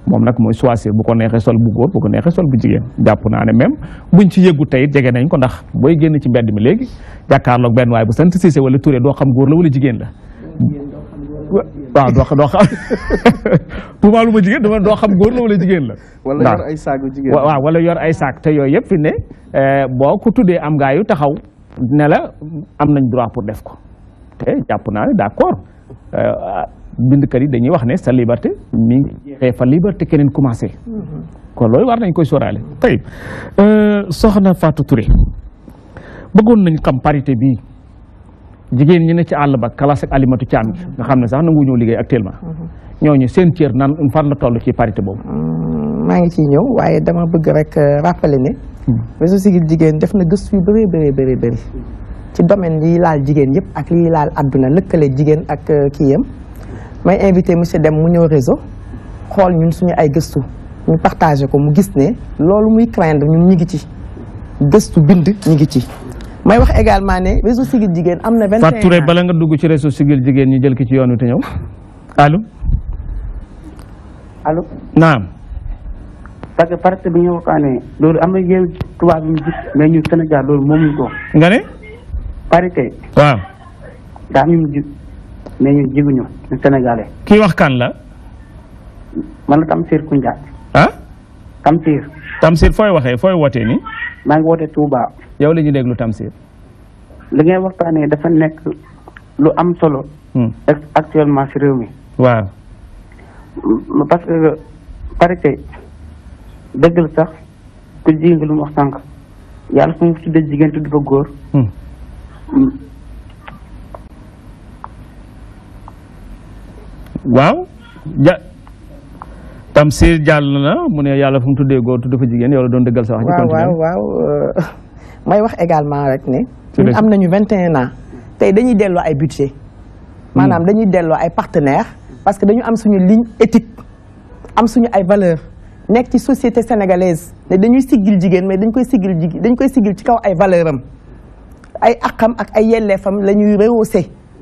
S1: moom nag mooy choisir bu ko neexee sol bu góor bu ko neexee sol bu jigéen jàpp naane ne même buñ ci yëgu tey jege nañ ko ndax booy génn ci mbedd mi léegi jàkkaarloog benn waay bu sant Cissé wala ture doo xam góor la wala jigéen la. waaw doo doo xam tuuma jigéen dama wala jigéen la. wala ay saag wala yor ay saag te yooyu yëpp fi ne eh, boo ko tuddee am gaa yu taxaw ne la am nañ droit pour def ko te jàpp naane ne d'accord. Eh, bindkat yi dañuy wax ne sa liberté mi ngi jeexee fa liberté keneen commencé kon loolu war nañ koy sóoraale tey euh, soxna Fatou Touré bëggoon nañ xam parité bii jigéen ñi ci àll ba classe ak alimatu caam bi nga xam ne sax nangu ñëw liggéey actuellement ñooñu seen cër naan fan la toll ci
S2: parité boobu mm, maa ngi ci ñëw waaye dama bëgg rek euh, rappeler ne hmm. réseau Siggil jigéen def na gëstu yu bëree bëree bëri bëri ci domaine yi laal jigéen yëpp ak yi laal àdduna lëkkale jigéen ak euh, kii yam may invité monsieur dem mu ñëw réseau xool ñun suñu ay gëstu ñu partagé ko mu gis ne loolu muy craindre ñun ñu ngi ci gëstu bind ñu ngi ci. may wax également ne réseau Siggil Jigéen am na. benn ans bala nga dugg ci
S1: réseau Siggil Jigéen ñu jël ki ci yoon wi te ñëw allo. naam.
S5: parce que parti bi ñu waxtaanee loolu am na yenn tubaab yu
S1: ñu Sénégal loolu moomuñu ko. nga ne. parité. waaw. mais ñun jiguñu ñu sénégalais. kii wax kan la. man la Tamsir Koundiagne. ah. Tamsir. Tamsir fooy waxee fooy wootee ni maa ngi woote Touba. yow la ñuy déglu Tamsir. li ngay waxtaanee dafa nekk lu am solo. Hmm. actuellement ci réew mi. waaw. parce que parité dëgg sax ku jigéen lu mu wax sànq
S5: yàlla fu mu tuddee jigéen tudd fa góor.
S1: Hmm. waaw ja jàll na mu ne yàlla fu mu tuddee góor tudd fa jigéen sa wax. waaw
S2: waaw euh, may wax également 21 ans tey dañuy delloo ay budget maanaam hmm. dañuy delloo ay partenaires parce que dañu am suñu ligne éthique am suñu ay valeurs ci société sénégalaise dañuy mais dañ koy dañ koy ci kaw ay valeurs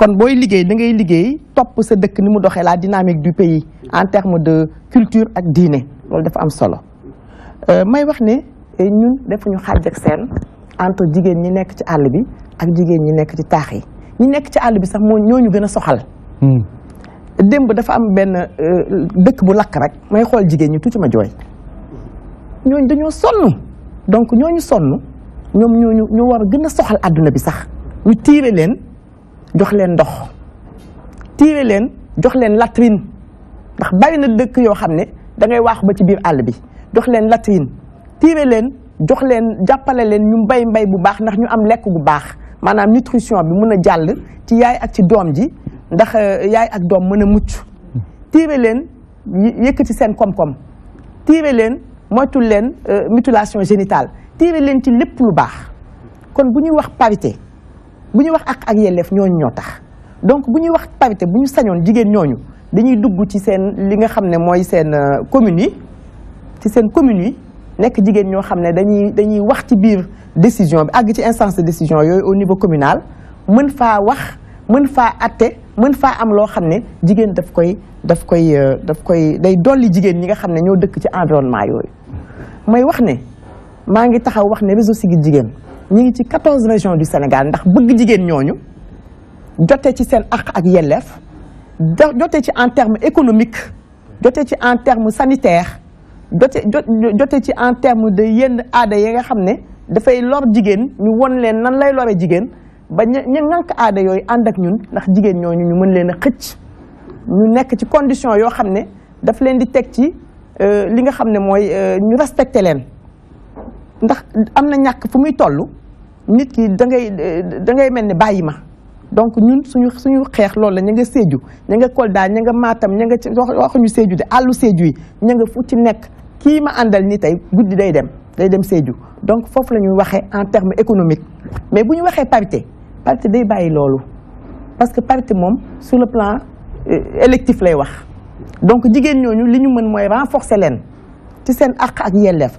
S2: kon booy liggéey da ngay liggéey topp sa dëkk ni mu doxee la dynamique du pays en terme de culture ak diine loolu dafa am solo euh, may wax ne eh, ñun defuñu xaaj ak seen entre jigéen ñi nekk ci àll bi ak jigéen ñi nekk ci taax yi ñi nekk ci àll bi sax moo ñooñu gën a soxal hmm. démb dafa am benn euh, dëkk bu lakk rek may xool jigéen ñi tuuti ma jooy ñooñu dañoo sonn donc ñooñu sonn ñoom ñooñu ñoo war a gën a soxal àdduna bi sax ñu tiire leen jox leen ndox tiire leen jox leen latrine ndax bari na dëkk yoo xam ne da ngay waax ba ci biir àll bi jox leen latrine tiire leen jox leen jàppale leen ñu mbay mbay bu baax ndax ñu am lekk bu baax maanaam nutrition bi mën a jàll ci yaay ak ci doom ji ndax euh, yaay ak doom mën a mucc tiire leen yëkkati seen koom-koom tiire leen moytul leen euh, mutilation génitale tiire leen ci lépp lu baax kon bu ñuy wax parité buñu wax ak ak yelef tax donc buñu wax parité buñu sañoon jigéen ñooñu dañuy dugg ci sen li nga xamné ne s'en euh, commune, ci sen commune yi nekk décision de décision au niveau communal mën fa wax atte mën fa am lo xamné jigen daf koy daf koy euh, daf koy day doli jigen ñi nga xamné ne ngi taxaw wax ñi ci 14 régions du Sénégal ndax bëgg jigen ñooñu joté ci sen ak ak yellef joté ci en terme économique joté ci en terme sanitaire joté joté ci en terme de yenn aada yi nga xamné da fay lor jigen ñu won leen nan lay loré jigen ba ñu ñànk aada yoy ànd ak ñun ndax jigen ñooñu ñu mën leen a xëcc ñu nekk ci condition yo xamné ne daf leen di teg ci euh, li nga xamné moy euh, ñu respecté leen ndax amna ñak fu muy tollu nit ki da ngay da ngay melni bayima donc ñun suñu suñu xex loolu la ña nga Sédhiou ña nga Kolda ña nga Matam ña nga ci waxuñu Sédhiou de àllu Sédhiou yi nga fu ci nek ki ma andal ni tay guddi day dem day dem Sédhiou donc foofu lañuy waxé en terme économique mais buñu waxé parité parité day bayyi loolu parce que parité mom sur le plan euh, électif lay wax donc jigen ñoñu li ñu mën moy renforcer leen ci sen ak ak yellef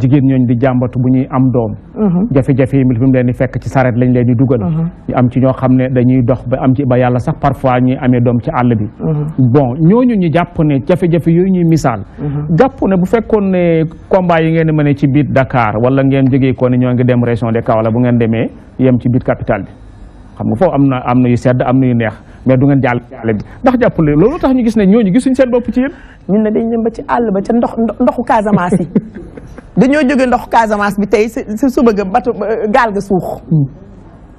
S1: jigéen ñooñ di jàmbatu bu ñuy am doom uh-huh. jafe-jafe yi mu leen di fekk ci saret lañ leen di dugal uh-huh. ñu am ci ñoo xam ne dañuy dox ba am ci ba yàlla sax parfois ñuy amee doom ci àll bi
S4: uh-huh.
S1: bon ñooñu ñu jàpp ne jafe-jafe yooyu ñuy misaal jàpp ne bu fekkoon ne combat yi ngeen mën ci biir Dakar wala ngeen jógee ko ne ñoo ngi dem région de Kaolack bu ngeen demee yem ci biir capitale bi xam nga foofu na am na yu sedd am na yu neex mais du ngeen jàll jàlle bi ndax jàppale
S2: loolu tax ñu gis ne ñooñu gisuñ seen bopp ci yéen ñun ne dañ dem ci àll ba ca ndoxu Casamance dañoo jóge ndoxu Casamance bi tey si suba ga bato gaal ga suux hmm.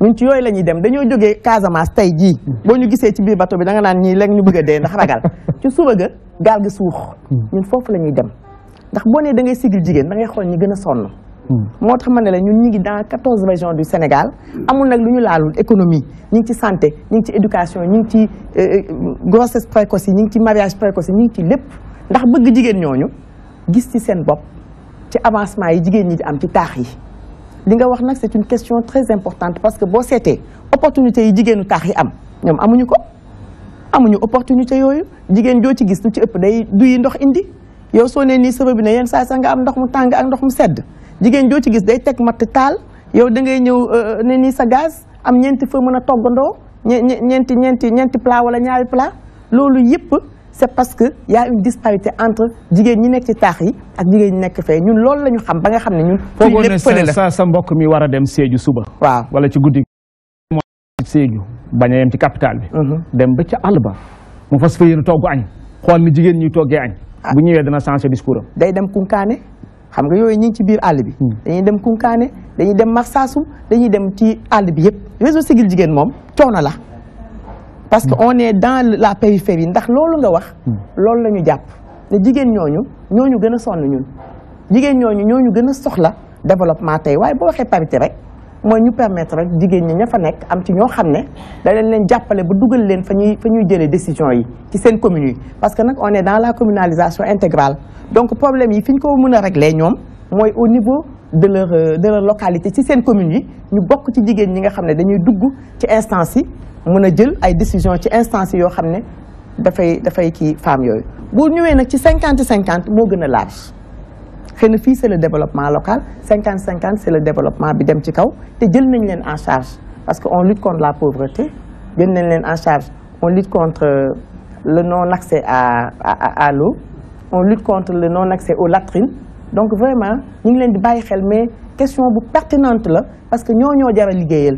S2: ñun ci yooyu la ñuy dem dañoo jóge Casamance tey jii hmm. boo ñu gisee ci biir bato bi danga nga naan ñii léegi ñu bëgg a dee ndax ragal ci suba ga gaal ga suux hmm. ñun foofu la ñuy dem ndax boo ne da ngay sigil jigéen da ngay xool ñu gën a sonn Hmm. moo tax ma ne la ñun ñi ngi dans 14 régions du Sénégal amul nag lu ñu laalul économie ñi ci santé ñi ci éducation ñi ci euh, euh, grossesse précoce yi ñi ci mariage précoce yi ñi ngi ci lépp ndax bëgg jigéen ñooñu gis ci seen bopp ci avancement yi jigéen ñi di am ci taax yi li nga wax nag c'est une question très importante parce que boo c'était opportunité yi jigéenu taax yi am ñoom amuñu ko amuñu opportunité yooyu jigéen joo ci gis lu ci ëpp day duyi ndox indi yow soo nee nii sërë bi ne yenn saa nga am ndox mu tàng ak ndox mu sedd jigéen joo ci gis day teg matt taal yow da ngay ñëw euh, euh, ne nii sa gaz am ñeenti fa mën a toggandoo ñeenti ñeenti ñeenti plat wala ñaari plat loolu yëpp c'est parce que ya a une disparité entre jigéen ñi nekk ci taax yi ak jigéen ñi nekk fee ñun loolu la ñu xam ba nga xam ne ñun. fii lépp fële la sa
S1: sa mbokk mi war a dem Sédhiou suba. waaw wala ci guddi gi. Sédhiou bañ a yem ci capital bi. Mm-hmm. dem ba ca àll ba mu
S2: fas fa yéen togg añ xool ni jigéen ñi toggee añ. Ah. bu ñëwee dana changer discours am. day dem kunkaane. xam nga yooyu ñu ngi ci biir àll bi dem hmm. dañuy dem dañuy dem ci bi réseau sigil la parce que hmm. on est dans la périphérie ndax loolu nga wax hmm. loolu la ñu jàpp ne jigéen ñooñu ñooñu gën ñun jigéen soxla développement tey waaye boo parité mooy ñu permettre rek jigéen ñi ña fa nekk am ci ño xamné da leen leen jappalé ba duggal leen fa ñuy fa ñuy jëlee décision yi ci seen communes parce que nak on est dans la communalisation intégrale donc problème yi fiñ ko mëna a régler ñoom mooy au niveau de leur de leur localité ci seen commune yi ñu bokk ci jigéen ñi nga xamné dañuy dugg ci instance yi mëna jël ay décision ci instance yi xamné da fay da fay kii femme yooyu bu ñëwee nak ci 50 50 mo gëna a large le défi, c'est le développement local 50-50, c'est le développement bi dem ci kaw en charge parce qu'on lutte contre la pauvreté Nous nañ en charge on lutte contre euh, le non-accès à à l'eau on lutte contre le non-accès aux latrines donc vraiment nous ngi une di mais question pertinente parce que nous, avons. des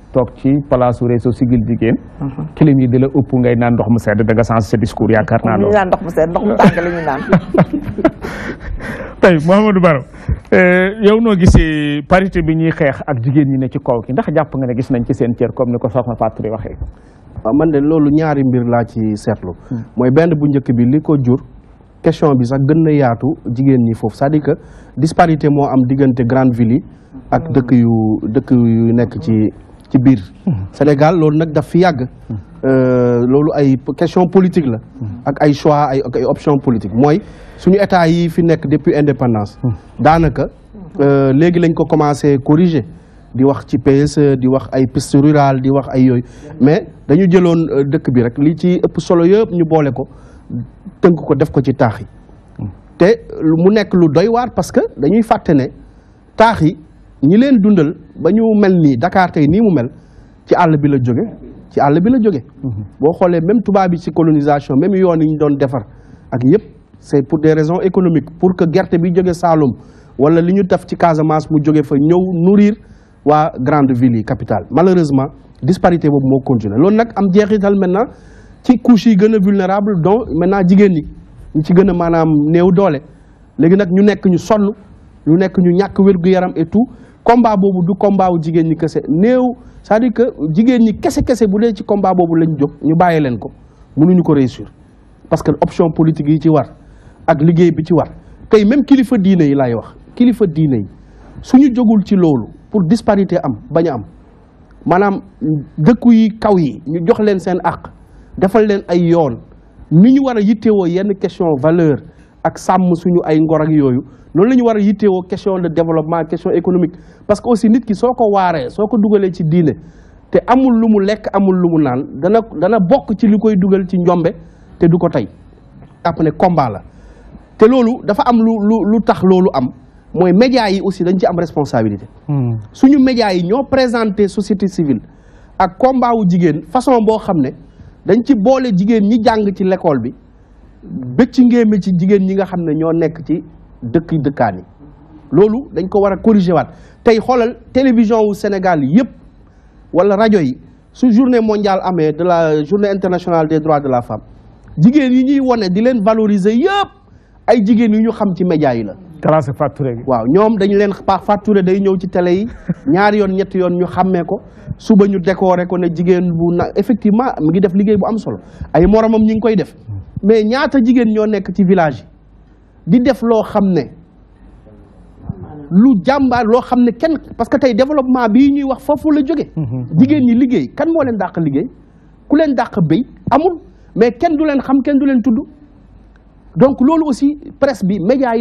S1: tok ci place réseau sigil jigéen kilim mhm. yi dila upp ngay nan ndox mu sedd da nga sans ce discours yaakaar naa loolu nan ndox mu
S4: sedd ndox mu tang la ñu naan
S1: tey Mouhamadou Baro eh, yow no gisi parité bi ñi xex ak jigéen ñi ne ci kaw ki ndax japp nga ne gis nañ ci seen tier comme niko soxna Fatou waxe
S3: man de lolu ñaari mbir la ci setlu moy hmm. benn bu ñëk bi liko jur question bi sax gëna yaatu jigéen ñi fofu c'est-à-dire que disparité mo am digënté grande ville ak hmm. dëkk yu dëkk yu nekk ci ci biir hmm. Sénégal loolu nak da fi yàgg hmm. euh, loolu ay question politique la hmm. ak ay choix ay option politique mooy suñu état yi fi nekk depuis indépendance daanaka euh, légui lañ ko commencé corriger di wax ci PS e, di wax ay piste rural di wax ay yoy mais dañu jëlone euh, dëkk bi rek li ci ëpp solo yëpp ñu boole ko teunk ko def ko ci taxi té mu nekk lu doy war parce que dañuy fàtte né taxi dundal ba ñu mel ni Dakar mu mel ci bi la colonisation même c'est pour des raisons économiques pour que gerte bi jóge Saloum wala li ñu def ci Casamance mu jóge fa nourrir waa grande ville capitale malheureusement disparité boobu moo continuer loolu nag am jeexital maintenant ci couche yi gën vulnérable donc maintenant jigéen ñi ñu ci gën a maanaam néew doole léegi ñu nekk ñu sonn ñu nekk et tout combat boobu du combat jigéen ñi kese néew cest à que jigéen ñi kese kese bu dee ci combat boobu lañ jóg ñu bàyyi leen ko mënuñu ko réussir parce que option politique yi ci war ak liggéey bi ci war tey même kilifa diine yi laay wax kilifa diine yi suñu jógul ci loolu pour disparité am bañ a am maanaam dëkku yi kaw yi ñu jox leen seen àq defal leen ay yoon ni ñu war a yittewoo yenn question valeur ak sàmm suñu ay ngor yooyu loolu la ñu war a yittewoo question de développement question économique parce que aussi nit ki soo ko waaree soo ko dugalee ci diine te amul lu mu lekk amul lu mu naan dana dana bokk ci lu koy dugal ci njombe te du ko tey jàpp ne combat la te loolu dafa am lu lu tax loolu am mooy médias yi aussi dañ ci am responsabilité hmm. suñu médias yi ñoo présenté société civile ak combat jigéen façon boo xam ne dañ ci boole jigéen ñi jàng ci l'école bi bëcc ngéeme ci jigéen ñi nga xam ne ñoo nekk ci dëkk dëkkaan yi loolu dañ ko war a corriger waat tey xoolal télévision wu Sénégal yëpp wala rajo yi su journée mondiale amee de la journée internationale des droits de la femme jigéen yi ñuy wone di leen valoriser yëpp ay jigéen yu ñu xam ci média yi la. classe facturé waaw ñoom dañu leen paax facturé day ñëw ci télé yi ñaari yoon ñetti yoon ñu xàmmee ko suba ñu décorer ko ne jigéen bu na effectivement mu ngi def liggéey bu am solo ay moromam ñi ngi koy def. mais ñaata y ñoo nek ci village di def lu lo parce que tay développement bi ñuy wax fofu la mhm. ñi liggéey kan mo leen dakk liggéey ku leen dakk mais kenn du leen xam kenn du leen donc lolu aussi presse bi médias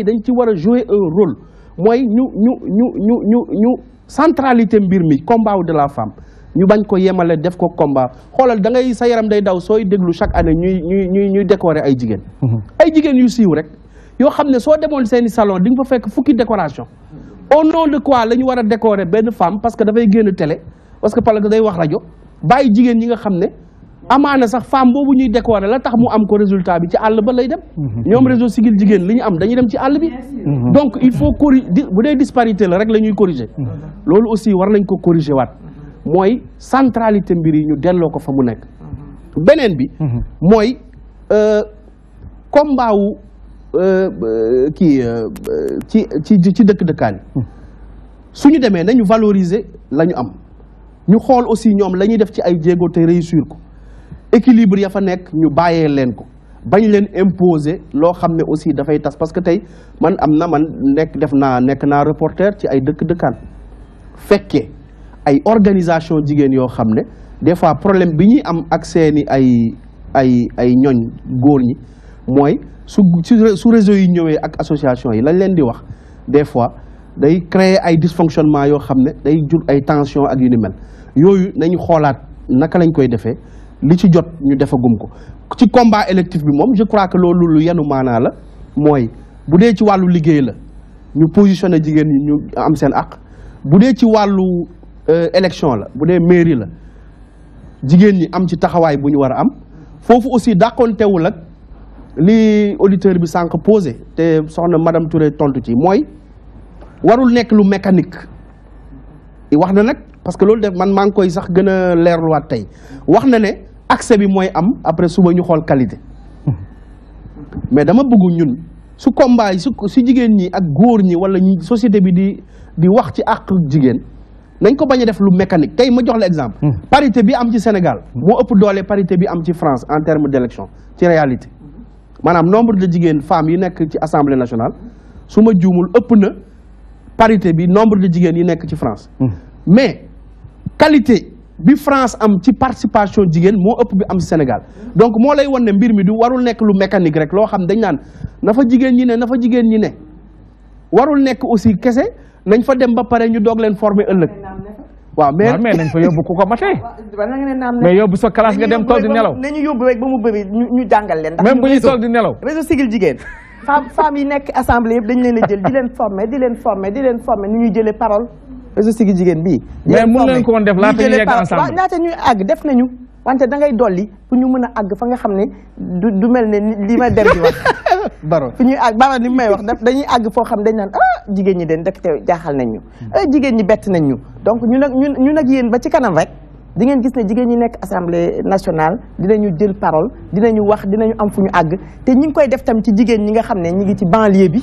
S3: jouer un rôle ñu ñu ñu centralité mbir mi combat de la femme ñu bañ ko yemale def ko combat xolal da ngay sa yaram day daw soy déglu chaque année ñuy ñuy ñuy décorer ay jigen mhm. ay jigen yu siiw rek yo xamné ne démon demoon salon di nga fa fekk fukki décoration au nom de quoi lañu wara décorer ben femme parce que fay génn télé parce que parce que day wax radio bàyyi jigen yi nga xamné amana sax femme bobu ñuy décorer la tax mu am ko résultat bi ci all ba lay dem. Mhm. ñom réseau civil jigen liñu am dañuy dem ci all bi. Mhm. donc il faut corriger bu dé disparité la rek lañuy corriger. lolu aussi war nañ ko corriger waat. mooy centralité mbir yi ñu delloo ko fa mu nekk. beneen bi. Mhm. mooy euh, combat wu euh, euh, kii ci ci ci dëkk dëkkaan yi. Mhm. su ñu demee nañu valoriser la ñu am ñu xool aussi ñoom la ñuy def ci ay jéego te réussir ko équilibre ya fa nekk ñu bàyyee leen ko. bañ leen imposer loo xam ne aussi dafay tas parce que tey man am na man nekk def naa nekk naa reporter ci ay dëkk dëkkaan fekkee ay organisation jigen yo xam des fois problème bi am ak ni ay ay ay ñoñ goor ñi moy su su réseau yi ñëwé ak association yi lañ leen di wax des fois day créer ay dysfonctionnement yo xam day jull ay tension ak yu ni mel yoyu nañu xolaat naka lañ koy défé li ci jot ñu gum ko ci combat électif bi mom je crois que loolu lu yanu mana la moy bu ci walu liggéey la ñu positionné jigen ñu am seen àq bu ci walu Euh, élection la bu dee mairie la jigéen ñi am ci taxawaay bu ñu war a am foofu aussi dàqontewul ak li auditeur bi sànq posé te soxna madame Touré tontu ci mooy warul nekk lu mécanique wax na nag parce que loolu def man maa ngi koy sax gën a leerluwaat tey wax na ne accès bi mooy am après suba ñu xool qualité mais dama bëggu ñun su combat yi su jigéen ñi ak góor ñi wala société bi di di wax ci àq jigéen nañ ko bañ def lu mécanique tay ma jox la exemple. Hmm. parité bi am ci Sénégal. mo ëpp doolé parité bi am ci France en terme d'élection, ci réalité manam nombre de jigène femmes yi nek ci assemblée nationale suma ma ëpp na parité bi nombre de jigène yi nek ci France. Hmm. mais qualité bi France am ci participation jigène mo ëpp bi am Sénégal donc mo lay wan mbir mi du warul nek lu mécanique rek lo xam dañ naan na fa jigéen ñi ne na fa ñi né warul nek aussi kese. nañ fa dem ba pare ñu doog leen former ëllëg. waaw mais mais nañ fa yóbbu ku ko matee.
S2: mais yóbbu sa classe nga dem tool di nelaw. nañu yóbbu rek ba mu bëri ñu ñu jàngal leen. même bu ñuy tool di nelaw. réseau Siggil Jigéen. femme femme yi nekk assemblée yëpp dañu leen a jël di leen former di leen former di leen former ni ñuy jëlee parole réseau Siggil Jigéen bii. mais mën leen ko woon def laata ñuy yegg ensemble laata ñuy àgg def nañu wante da ngay dolli pour ñu mën a àgg fa nga xam ne du du mel ne li ma dem di wax. baro fu ñuy àgg baro li may wax dañuy àgg foo xam dañ naan ah jigéen ñi den dëkk te jaaxal nañ ñu. Hmm. Eh, jigéen ñi bett nañ ñu donc ñu nag ñun ñu nag yéen ba ci kanam rek. di ngeen gis ne jigéen ñi nekk assemblée nationale dinañu jël parole dinañu wax dinañu am fu ñu àgg te ñi ngi koy def tam ci jigéen ñi nga xam ne ñi ngi ci banlieue bi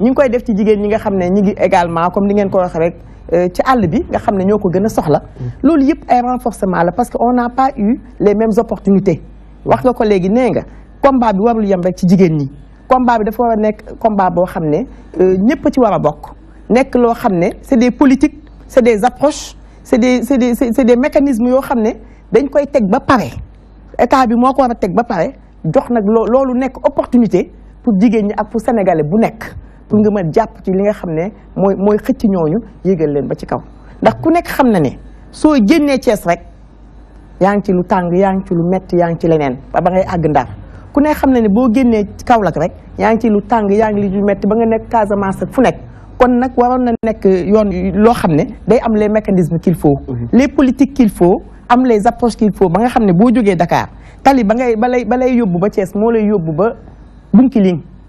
S2: ñi ngi koy def ci jigéen ñi nga xam ne ñi ngi également comme ni ngeen ko wax rek. Euh, ci all bi nga xamné ñoko gëna soxla lool yépp ay renforcement la parce que on n'a pas eu les mêmes opportunités wax nga ko légui né nga combat bi warul yem rek ci jigéen ni combat bi dafa war a combat bo xamné ne euh, ñëpp ci wara bok nek lo xamné c'est des politiques c'est des approches c'est des c'est des c'est des mécanismes yo xamné dañ koy teg ba paré état bi moko wara war ba paré jox nak loo loolu nekk opportunité pour jigéen ni ak pour sénégalais bu nek pour nga mën jàpp ci li nga xam ne mooy mooy xëcc ñooñu yégal leen ba ci kaw ndax ku nekk xam na ne soo génnee Cees rek yaa ngi ci lu tàng yaa ngi ci lu metti yaa ngi ci leneen ba ba ngay ku nekk xam na ne boo génnee Kaolack rek yaa ngi ci lu tàng yaa ngi lu metti ba nga nekk Casamance fu nekk kon nag waroon na nekk yoon loo xam ne day am les mécanismes qu'il faut mhm. les politiques qu'il faut am les approches qu'il faut ba nga xam ne boo jógee dakaar tali ba ngay ba lay ba lay yóbbu ba Thiès moo lay yóbbu ba Bunkiling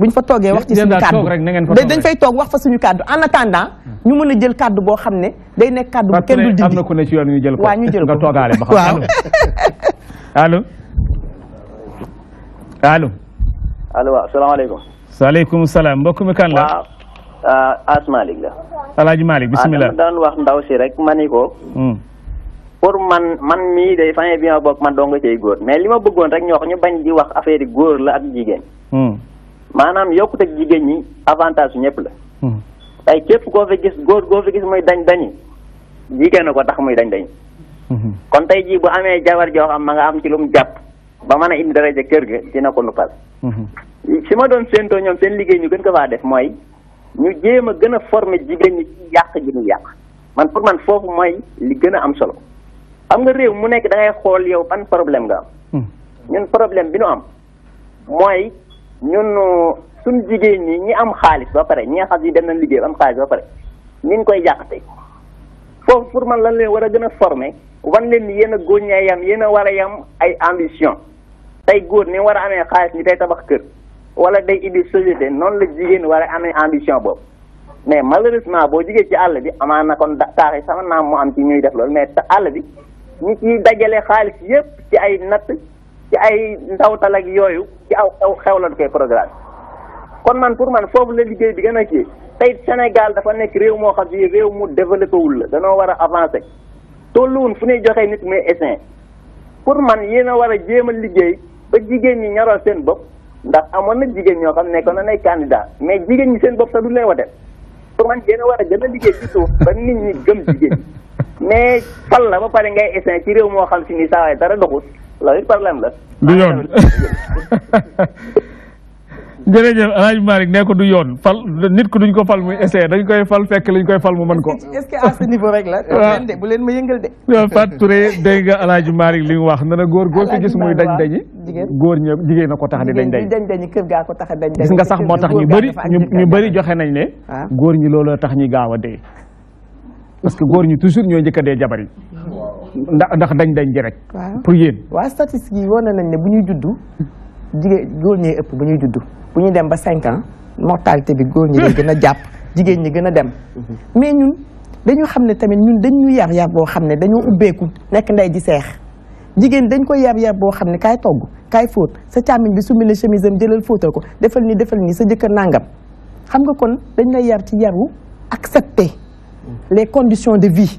S2: buñ fa toggé wax ci suñu kàddu dañ fay toog wax fa suñu cadeau en attendant ñu mëna jël cadeau bo xamné day nek cadeau bu kenn dul dindi am na ku ne ci yoon ñu jël ko nga togalé ba xam
S1: allo allo
S5: allo assalamu alaykum
S1: wa alaykum assalam mbokk mi kan la
S5: ah as malik la
S1: alaaji malik bismillah
S5: ah, daan wax ndaw si rek maniko hmm. pour man man mi day fay bien bok bokk man dong cay góor mais lima ma bëggoon rek ñu wax ñu bañ di wax affaire góor la ak jigéen hmm. maanaam yokkuteg jigéen ñi avantage ñëpp la. waaye hmm. képp koo fi gis góor goo fi gis muy dañ dañi jigéen ko tax muy dañ dañ. Hmm. kon tey jii bu amee jabar joo xam ma nga am ci lu mu jàpp ba man a indi daraja kër ga dina ko nuppal. Hmm. si ma doon séentoo ñoom seen liggéey ñu gën ko faa def mooy ñu jéem a gën a former jigéen ñi ci yàq ji ñu yàq man pour man foofu mooy li gën a am solo am nga réew mu nekk da xool yow ban problème nga am. ñun problème bi nu ñun suñ jigéen ñi ñi am xaalis ba pare ñi nga xam dem nañ liggéey am xaalis ba pare niñ koy jàqate foofu pour man lan leen war a gën a former wan leen ni yéen a góor ña yam yéen a war a yam ay ambition tey góor ni war a amee xaalis ni tey tabax kër wala day indi société noonu la jigéen war a amee ambition boobu mais malheureusement boo jigéen ci àll bi amaa na kon taax yi sama naa mu am ci ñuy def loolu mais àll bi ñi ciy dajale xaalis yépp ci ay natt ci ay ndawtal ak yooyu ci aw xew xew lañ koy programme kon man pour man foofu la liggéey bi gën a kii tey Sénégal dafa nekk réew moo xam ne réew mu développé wul la danoo war a avancé tolluwun fu ñuy joxee nit muy essain pour man yéen a war a jéem a liggéey ba jigéen ñi ñoral seen bopp ndax amoon na jigéen ñoo xam ne nekkoon na ay candidat mais jigéen ñi seen bopp sax du leen wote pour man yéen a war a gën a liggéey ci suuf ba nit ñi gëm jigéen ñi mais fal la ba pare ngay essain ci réew moo si ni dara doxul loolu problème la.
S1: du yoon jërëjëf El Hadj Malick nee ko du yoon fal nit ko duñ ko fal muy essayé dañ koy fal fekk liñ koy fal mu mën ko. est-ce
S2: que à ce niveau rek la. bu leen ma yëngal de.
S1: Fatou Touré dégg nga El wax na góor góor ko gis muy dañ dañi. góor ñë jigéen na ko tax di dañ
S2: dañ kër gaa ko tax a dañ dañ gis nga sax moo
S1: tax ñu bëri ñu bëri joxe nañ ne. góor ñi looloo tax ñi gaaw a dee. parce que góor ñi toujours ñoo njëkk a dee jabar yi ndax ndax dañ dañ ji rek. pour yéen.
S2: waaw statistiques yi wane nañ ne bu ñuy juddu jigéen góor ñee ëpp bu ñuy juddu bu ñuy dem ba cinq ans mortalité bi góor ñi lay jàpp jigéen ñi gën a dem. mais ñun dañu xam ne tamit ñun dañ ñu yar yar boo xam ne dañoo ubbeeku nekk ndey ji seex jigéen dañ koy yar yar boo xam ne kaay togg kaay fóot sa càmmiñ bi summi na chemise am jëlal fóotal ko defal ni defal ni sa jëkkër nangam xam nga kon dañ lay yar ci yaru accepter les conditions de vie.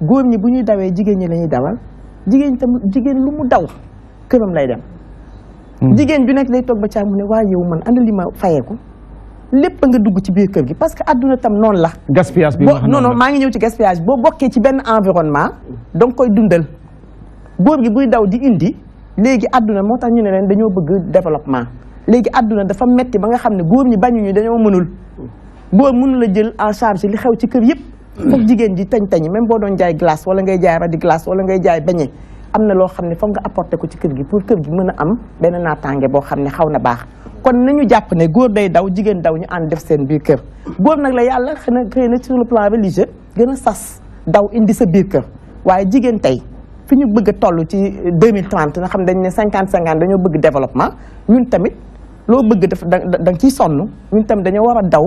S2: goor ñi bu ñuy dawee jigéen ñi lañuy dawal jigéen tam jigéen lu mu daw këram lay dem hmm. jigéen bi nekk lay tok ba ci amune wa yow man ana li ma fayeeku lépp nga dugg ci biir kër gi parce que aduna tam non la
S1: gaspillage bi non non
S2: ma ngi ñew ci gaspillage bo bokké ci ben environnement danga koy dundal goor gi buy daw di indi légui aduna moo tax ñu neen dañoo bëgg développement légui aduna dafa metti ba nga xamné goor ñi bañu ñu dañoo mënul góor mënul jël en charge li xew ci kër yépp foog jigéen ji teñ teñ même boo doon jaay glace wala ngay jaay radi glace wala ngay jaay beñe am na loo xam ne foog nga apporté ko ci kër gi pour kër gi mën a am benn naataange boo xam ne xaw na baax kon na ñu jàpp ne góor day daw jigéen daw ñu ànd def seen biir kër góor nag la yàlla xëna xëy na sur le plan religieux gën a sas daw indi sa biir kër waaye jigéen tey fi ñu bëgg a toll ci 2030 nga xam dañ ne cinquante 50 dañoo bëgg développement ñun tamit loo bëgg def da nga ciy sonn ñun tamit dañoo war a daw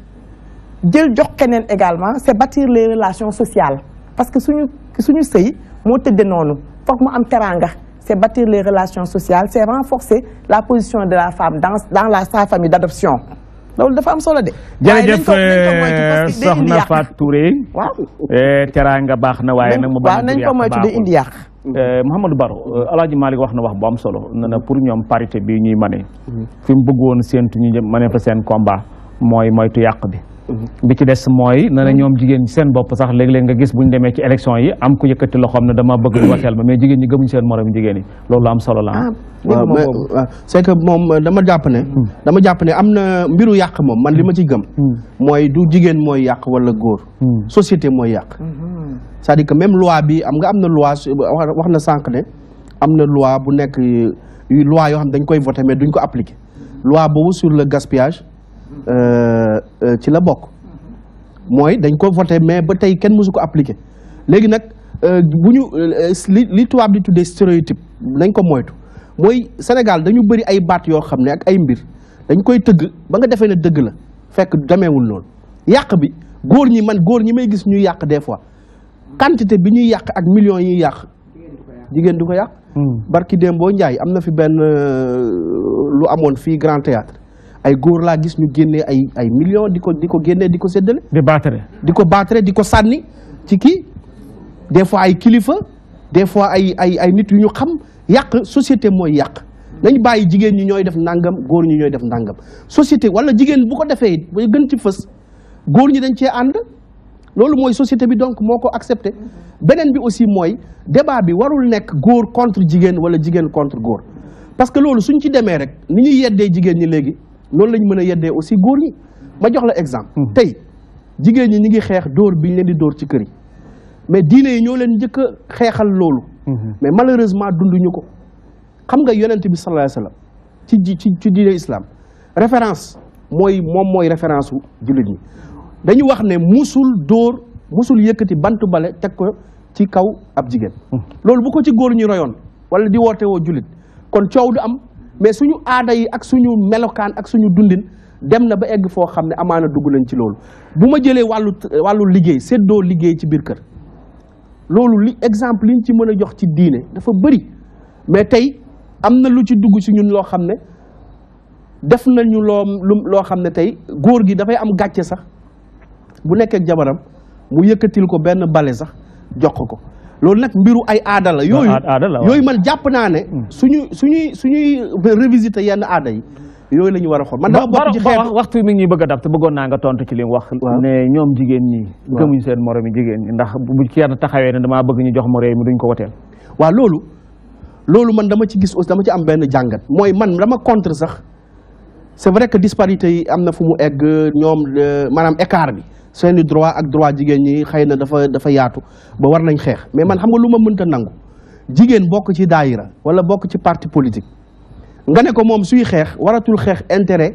S2: jël jox kenen également c'est bâtir les relations sociales parce que suñu suñu sey mo tëdde noonu foog mu am teranga c'est bâtir les relations sociales c'est renforcer la position de la femme dans dans la sa famille d'adoption lolou dafa am solo de. jërëjëf
S1: euh, soxna fat Touré.
S4: waaw euh,
S1: teraanga baax na waaye nag. mu baax nañ ko moytu di indi euh Mouhamadou Baro euh, Alaaji malik waxna wax bu am solo nana pour ñom parité bi ñuy mané mhm. fi mu bëggoon sentu ñu mané fa sen combat moy moytu yàq bi. bi ci des mooy na na mm. ñoom jigéen ñi seen bopp sax léeg-léeg nga gis bu ñu demee ci élection yi am ku yëkkati
S3: loxoom ne dama bëgg ñu wateel ma mais jigéen ñi gëmuñ seen morom jigéen ñi loolu am solo la ah,
S4: ah, waaw
S3: c'est que moom euh, dama jàpp ne mm. dama man li ma ci gëm mm. mooy du jigéen mooy yàq wala góor société mooy yàq mm-hmm. cest à que même loi bi am nga am na loi wax na sànq ne am na loi bu nekk loi yoo xam dañ koy voté mais duñ ko appliqué loi boobu sur le gaspillage Euh, euh, ci la bokk mooy dañ ko voté mais ba tey kenn mësu ko appliqué léegi nag euh, bu ñu li li tubaab di tuddee stéréotype nañ ko moytu mooy Sénégal dañu bëri ay baat yoo xam ne ak ay mbir dañ koy tëgg ba nga defee ne dëgg la fekk demeewul loolu yàq bi góor ñi man góor ñi may gis ñuy yàq des fois quantité bi ñuy yàq ak millions yi ñuy yàq jigéen di ko yàq hmm. barki démboo Njaay am na fi benn lu amoon fi Grand Théâtre ay góor laa gis ñu génnee ay ay millions di ko di ko génnee di ko séddale. di baatare di ko baatare di ko sànni ci kii des fois ay kilifa des fois ay ay ay nit yu ñu xam yàq société mooy yàq. nañ bàyyi jigéen ñi ñooy def ndàngam góor ñi ñooy def ndàngam société wala jigéen bu ko defee it bay gën ci fës góor ñi dañ cee ànd loolu mooy société bi donc moo ko accepté beneen bi aussi mooy débat bi warul nekk góor contre jigéen wala jigéen contre góor parce que loolu suñ ci demee rek ni ñuy yeddee jigéen ñi léegi. noonu la ñu mën a yeddee aussi góor ñi ma jox la exemple mhm. tey jigéen ñi ñu ngi xeex dóor bi ñu leen di dóor ci kër yi mais diine yi ñoo leen njëkk a xeexal loolu mhm. mais malheureusement ñu ko xam nga yonent bi sallallahu alayhi ci ci ci diine islam référence mooy moom mooy référence wu jullit ñi dañu wax ne musul dóor musul yëkkati bantu bale teg ko ci kaw ab jigéen mhm. loolu bu ko ci góor ñi royoon wala di woote woo jullit kon coow du am mais suñu aada yi ak suñu melokaan ak suñu dundin dem na ba egg foo xam ne amaana dugg nañ ci loolu bu ma jëlee wàllu wàllu liggéey séddoo liggéey ci biir kër loolu li exemple liñ ci mën a jox ci diine dafa bëri mais tey am na lu ci dugg ci ñun loo xam ne def nañu loo loo xam ne tey góor gi dafay am gàcce sax bu nekkee jabaram mu yëkkatil ko benn bale sax jox ko loolu nag mbiru ay aada la yooyu man jàpp naa ne hmm. suñu suñuy suñuy revisiter yenn aada yi yooyu la ñu war a xool man dama bokk ci
S1: waxtu mi ngi ñuy bëgg a dab te bëggoon naa nga tontu ci li wax ne ñoom jigéen ñi gëmuñ seen morom yi jigéen ñi ndax bu ci yenn taxawee ne damaa bëgg ñu jox ma
S3: réew mi duñ ko woteel waa loolu loolu man dama ci gis aussi dama ci am benn jàngat mooy man dama contre sax c'est vrai que disparité yi am na fu mu egg ñoom euh, maanaam écart bi seeni droit ak droit jigéen ñi xëy na dafa dafa yaatu ba war nañ xeex mais man xam nga lu ma mën mënta nangu jigéen bokk ci daayira wala bokk ci parti politique nga ne ko moom suy xeex waratul xeex intérêt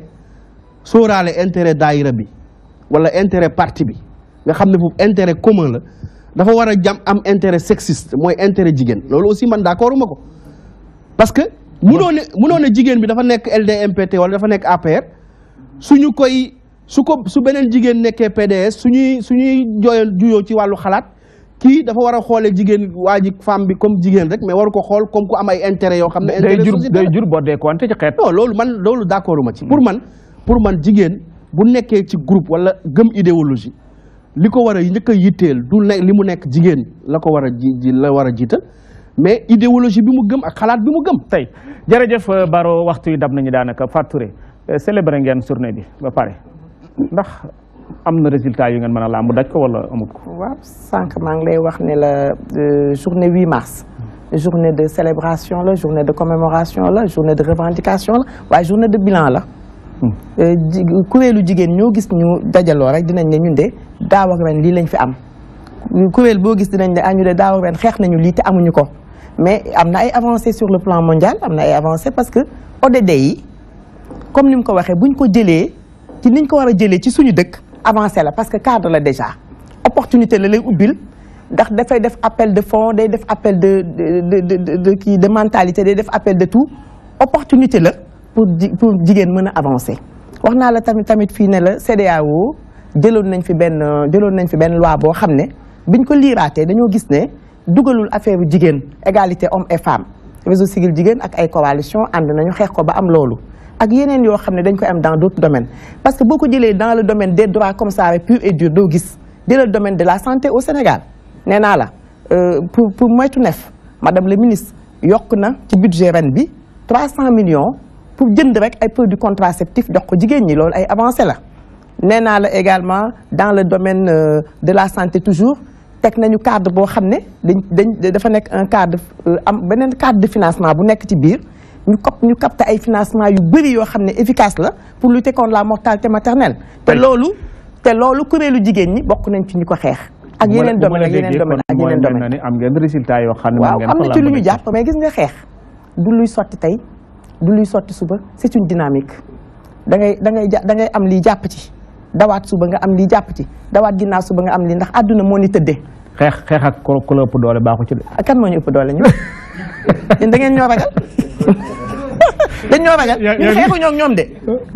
S3: sóoraale intérêt daayira bi wala intérêt parti bi nga xam ne foofu intérêt commun la dafa war a jam am intérêt sexiste mooy intérêt jigéen loolu aussi man d'accord ma ko parce que mënoo ne mënoo ne jigéen bi dafa nekk LDMPT wala dafa nekk APR suñu koy su ko su beneen jigéen nekkee PDS suñuy suñuy jooyal juyoo ci wàllu xalaat kii dafa war a xoolee jigéen waa ji femme bi comme jigéen rek mais waru ko xool comme ku am ay intérêt yoo xam ne day jur day jur boo dee konte ci xeet non man loolu d'accord ma ci pour man pour man jigéen bu nekkee ci groupe wala gëm idéologie li ko war a njëkk a yitteel du ne li mu nekk jigéen la ko war a ji la war a jiital mais idéologie bi mu gëm ak xalaat bi mu gëm tey jërëjëf Baro waxtu
S1: yi dab nañu daanaka Fatou Touré célébré ngeen journée bi ba pare ndax
S2: amna résultat yu ngeen mën lamb daj ko wala amut ko. waaw sànq maa ngi lay wax ne la euh, journée 8 mars. Hmm. journée de célébration la journée de commémoration la journée de revendication la waaye journée de bilan la. Hmm. Euh, kuréelu jigen ñoo gis ñu dajaloo rek dinañ ne ñun de daaw ak ren lañ fi am. kuréel bo gis dinañ ne añu ah, ñu de daaw ak ren nañu li te amuñu ko mais am ay avancées sur le plan mondial am ay avancées parce que ODD yi comme nim ko waxee buñ ko jëlé ci niñ ko wara a ci suñu dëkk avancé la parce que cadre la déjà opportunité la lay ubbil ndax dafay def appel de fonds day def appel de de de de qui de mentalité day def appel de tout opportunité la pour pour jigen mën avancer. waxna la tamit tamit fi ne la CDAO jëloon nañ fi ben jëloon nañ fi ben loi bo xamné biñ ko liraté dañoo gis né dugalul affaire jigen égalité homme et femme réseau civil jigen ak ay coalition and nañu xex ko ba am lolu ak yeneen yoo xam dañ koy dans d'autres domaines parce que boo ko jëlee dans le domaine des droits comme ça rek pur et dur doo gis dans le domaine de la santé au Sénégal nee naa euh, pour pour tout neuf madame le ministre yokk na ci budget ren 300 millions pour jënd rek ay produits contraceptifs jox ko jigéen ñi loolu ay avancé la. nee également dans le domaine euh, de la santé toujours Il nañu cadre boo ne dañ dafa un cadre euh, am cadre de financement bu nekk ci ñu cop ñu capté ay financement yu bëri yoo xam ne efficace la pour lutter contre la mortalité maternelle te loolu te loolu kuréelu jigéen ñi bokk nañ ci ñu ko xeex ak yeneen domaine ak yeneen domaine ak yeneen
S1: domaine am ngeen résultat yoo xam ne waaw am na ci lu ñu
S2: jàpp mais gis nga xeex du luy sotti tey du luy sotti suba c'est une dynamique da ngay da ngay da ngay am lii jàpp ci dawaat suba nga am lii jàpp ci dawaat ginnaaw suba nga am lii ndax àdduna moo ni tëddee xeex xeex ak ku doole baaxu ci de. ah kan moo ñu ëpp doole ñu. ñun da ñoo ragal.
S4: dañ ñoo ragal ñun xeexuñoo
S2: ñoom de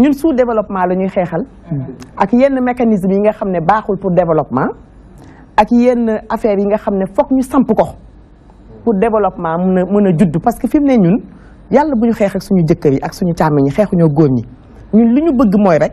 S2: ñun sous développement la ñuy xeexal hmm. ak yenn mécanisme yi nga xam ne baaxul pour développement ak yenn affaire yi nga xam ne foog ñu samp ko pour développement mun a mën a judd parce que fi mu ne ñun yàlla bu ñu xeex suñu jëkkër yi ak suñu càmm ñi xeexuñoo góor ñi ñun li ñu bëgg mooy rek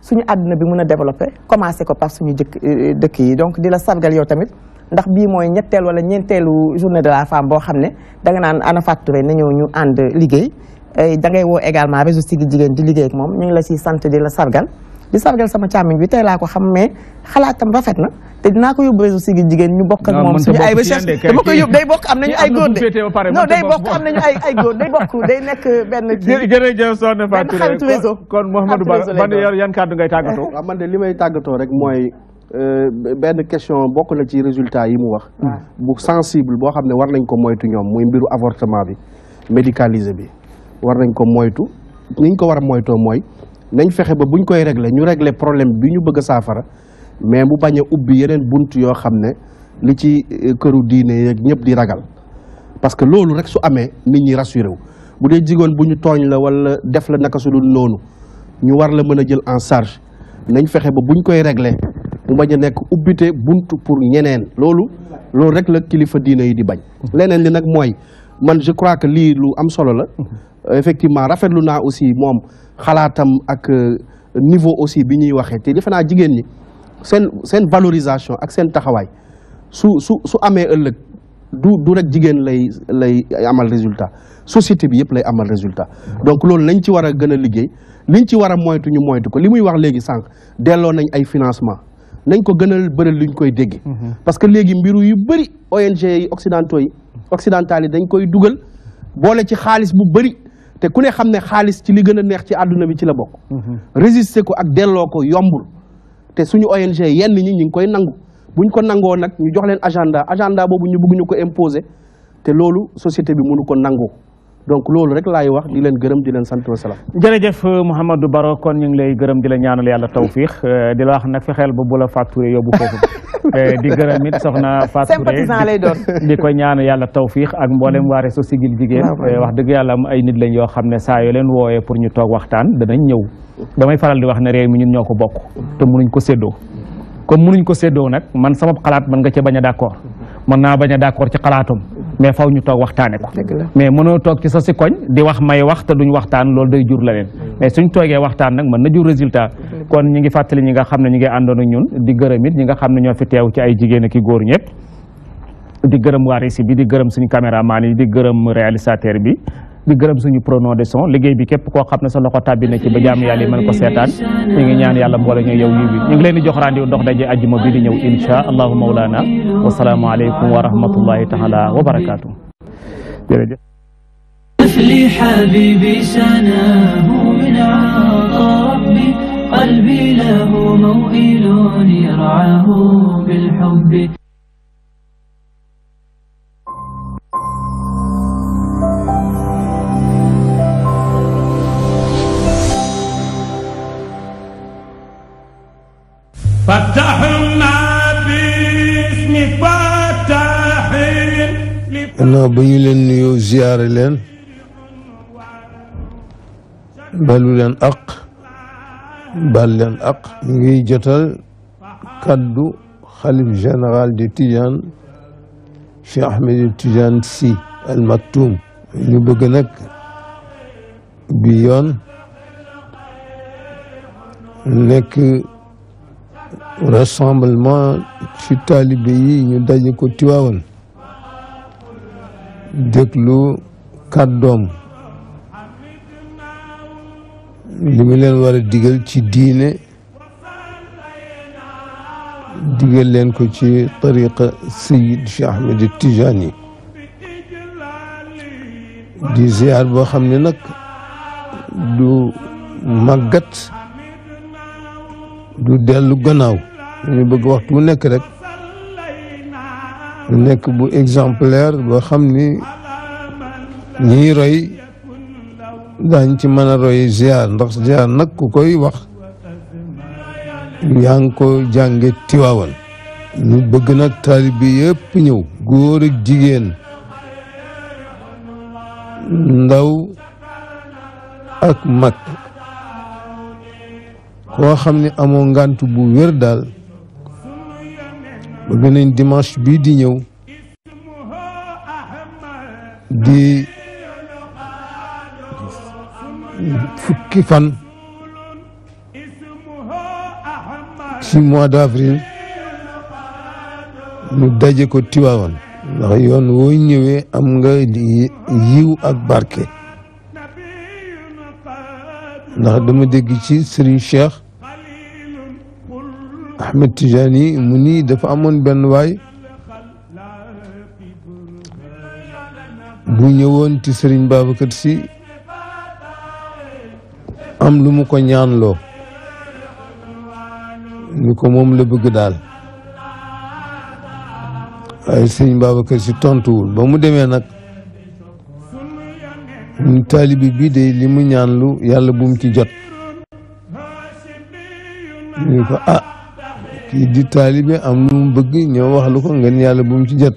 S2: suñu aduna bi mëna développer commencer ko par suñu jëkk euh, euh, dëkk yi donc dila sargal yow tamit ndax bi moy ñettel wala ñentelu journée de la femme bo xamné da nga naan ana facturé na ñëw ñu and liggéey da ngay wo également réseau Siggil Jigéen di liggéey ak mom ñu ngi la ci sant dila sargal di sargal sama càmmiñ bi tey laa ko xam mais xalaatam rafet na te naa ko yóbbu réseau Siggil Jigéen ñu bokk ak moom suñu ay recherche dama day bokk am nañu ay góor de non day bokk am nañu ay ay góor day bokk day nekk benn kii jërëjëf soxna Fatou xaritu réseau kon ngay
S3: tàggatoo man de li may tàggatoo rek mooy euh, benn question bokk na ci résultat yi mu wax hmm. bu sensible boo xam ne war nañ ko moytu ñoom muy mbiru avortement bi médicalisé bi war nañ ko moytu niñ ko war a moytoo mooy nañ fexe ba buñ koy régler ñu régler problème bi ñu bëgg saafara mais mu bañ a ubbi yeneen bunt yoo xam ne li ci euh, këru diine yeeg ñëpp di ragal parce que loolu rek su amee nit ñi rassuré wu bu dee jigoon bu ñu tooñ la wala def la naka su dul noonu ñu war la mën a jël en charge nañ fexe ba buñ koy régler mu bañ a nekk ubbite bunt pour ñeneen loolu loolu rek la kilifa diine yi di bañ leneen li nag mooy je crois que qui lu am solo la mhm. effectivement Raphaël luna aussi mom khalatam ak euh, niveau aussi bi et té jigen ni sen sen valorisation ak à taxaway su su du du rek amal résultat société bi lay amal résultat donc loolu lañ ci wara a liggéey liñ ci wara moytu ko limuy wax légui sank nañ ay financement nañ ko gënal mhm. parce que légui mbiru yu ONG yi occidentaux occidentale yi dañ koy dugal boole ci xaalis bu bëri te ku ne xam ne xaalis ci li gën a neex ci àdduna bi ci la bokk. Mhm. résister ko ak delloo ko yombul te suñu ONG yenn ñi ñu ngi koy nangu buñ ko nangoo nag ñu jox leen agenda agenda boobu ñu bëgg ñu ko imposer te loolu société bi munu ko nangoo. donc loolu rek laay wax di leen gërëm di leen sant wa salaam.
S1: jërëjëf euh, Mouhamadou Baro kon ñu ngi lay gërëm di la ñaanal yàlla tawfiix euh, di la wax nag fexeel ba bu la facturé Eh, di gërëm it soxna Fatou sympathisant lay doon di ko ñaanu yàlla tawfiix ak mboolem mm. waa Resso Siggil Jigéen ah, eh, wax dëgg yàlla am ay nit lañ yoo xam ne saa yoo leen wooyee pour ñu toog waxtaan danañ ñëw damay faral di wax ne réew mi ñun ñoo bokk te mënuñ ko séddoo comme mënuñ ko séddoo nag man sama xalaat man nga ca bañ a d'accord man naa bañ a d'accord ci xalaatam mais faw ñu toog waxtaan ko mais mënoo toog ci sa si koñ di wax may wax te duñ waxtaan lool day jur la leen mm. mais suñ toogee waxtaan nag mën na jur résultat kon ñi ngi fàttali ñi nga xam ne ñi ngi àndoon ak ñun di gërëm ñi nga xam ne ñoo fi teew ci ay jigéen a ki góor ñëpp di gërëm waa régie bi di gërëm suñu maa yi di gërëm réalisateur bi di gërëm suñu prono de son liggéey bi képp koo xam ne sa loxo tàbbi na ci ba jaamu yàlla yi mën ko seetaan ñu ngi ñaan yàlla boole ñu yow yi bi ñu ngi leen di jox randi dox daje ajjuma bi di ñëw insha allahu mawlana wasalaamu aleykum wa rahmatullahi taala wa barakaatu jërëjëf
S4: حبيبي سناه من عطاء ربي قلبي له موئل يرعاه بالحب فتح ما باسم فتح
S6: نبي لن أق بل أق نجي جتل كادو خليف جنرال دي تيجان شي أحمد تيجان سي المكتوم اللي بغنك بيون نك rassemblement ci taalibe yi ñu daje ko Tiwaawan déglu kàddoom li mu leen war a digal ci diine digal leen ko ci tariqa Sayid Cheikh Ahmed Tijani di ziar boo xam ne nag du màggat du dellu gannaaw ñu bëgg waxtu bu nekk rek nekk bu exemplaire ba xam ni ñiy roy daañ ci mën a roy ziar ndax ziar nag ku koy wax yaa ngi ko jànge tiwaawal ñu bëgg nag taalib bi yëpp ñëw góor ak jigéen ndaw ak mag koo xam ni amoo ngant bu wér daal ba beneen dimanche bii di ñëw di fukki fan ci mois d' avril ñu daje ko Tiwaawan ndax yoon woo ñëwee am nga yiw ak barke ndax dama dégg ci Serigne Cheikh Ahmed Tijani mu ni dafa amoon benn waay bu ñëwoon ci Serigne Babacar si am lu mu ko ñaanloo ni ko moom la bëgg daal waaye Serigne Babacar Sy tontuwul ba mu demee nag ñu taalibi bii de li mu ñaanlu yàlla bu mu ci jot ñu ko ah kii di taalibe am mu bëgg ñëw wax ko ngeen yàlla bu ci jot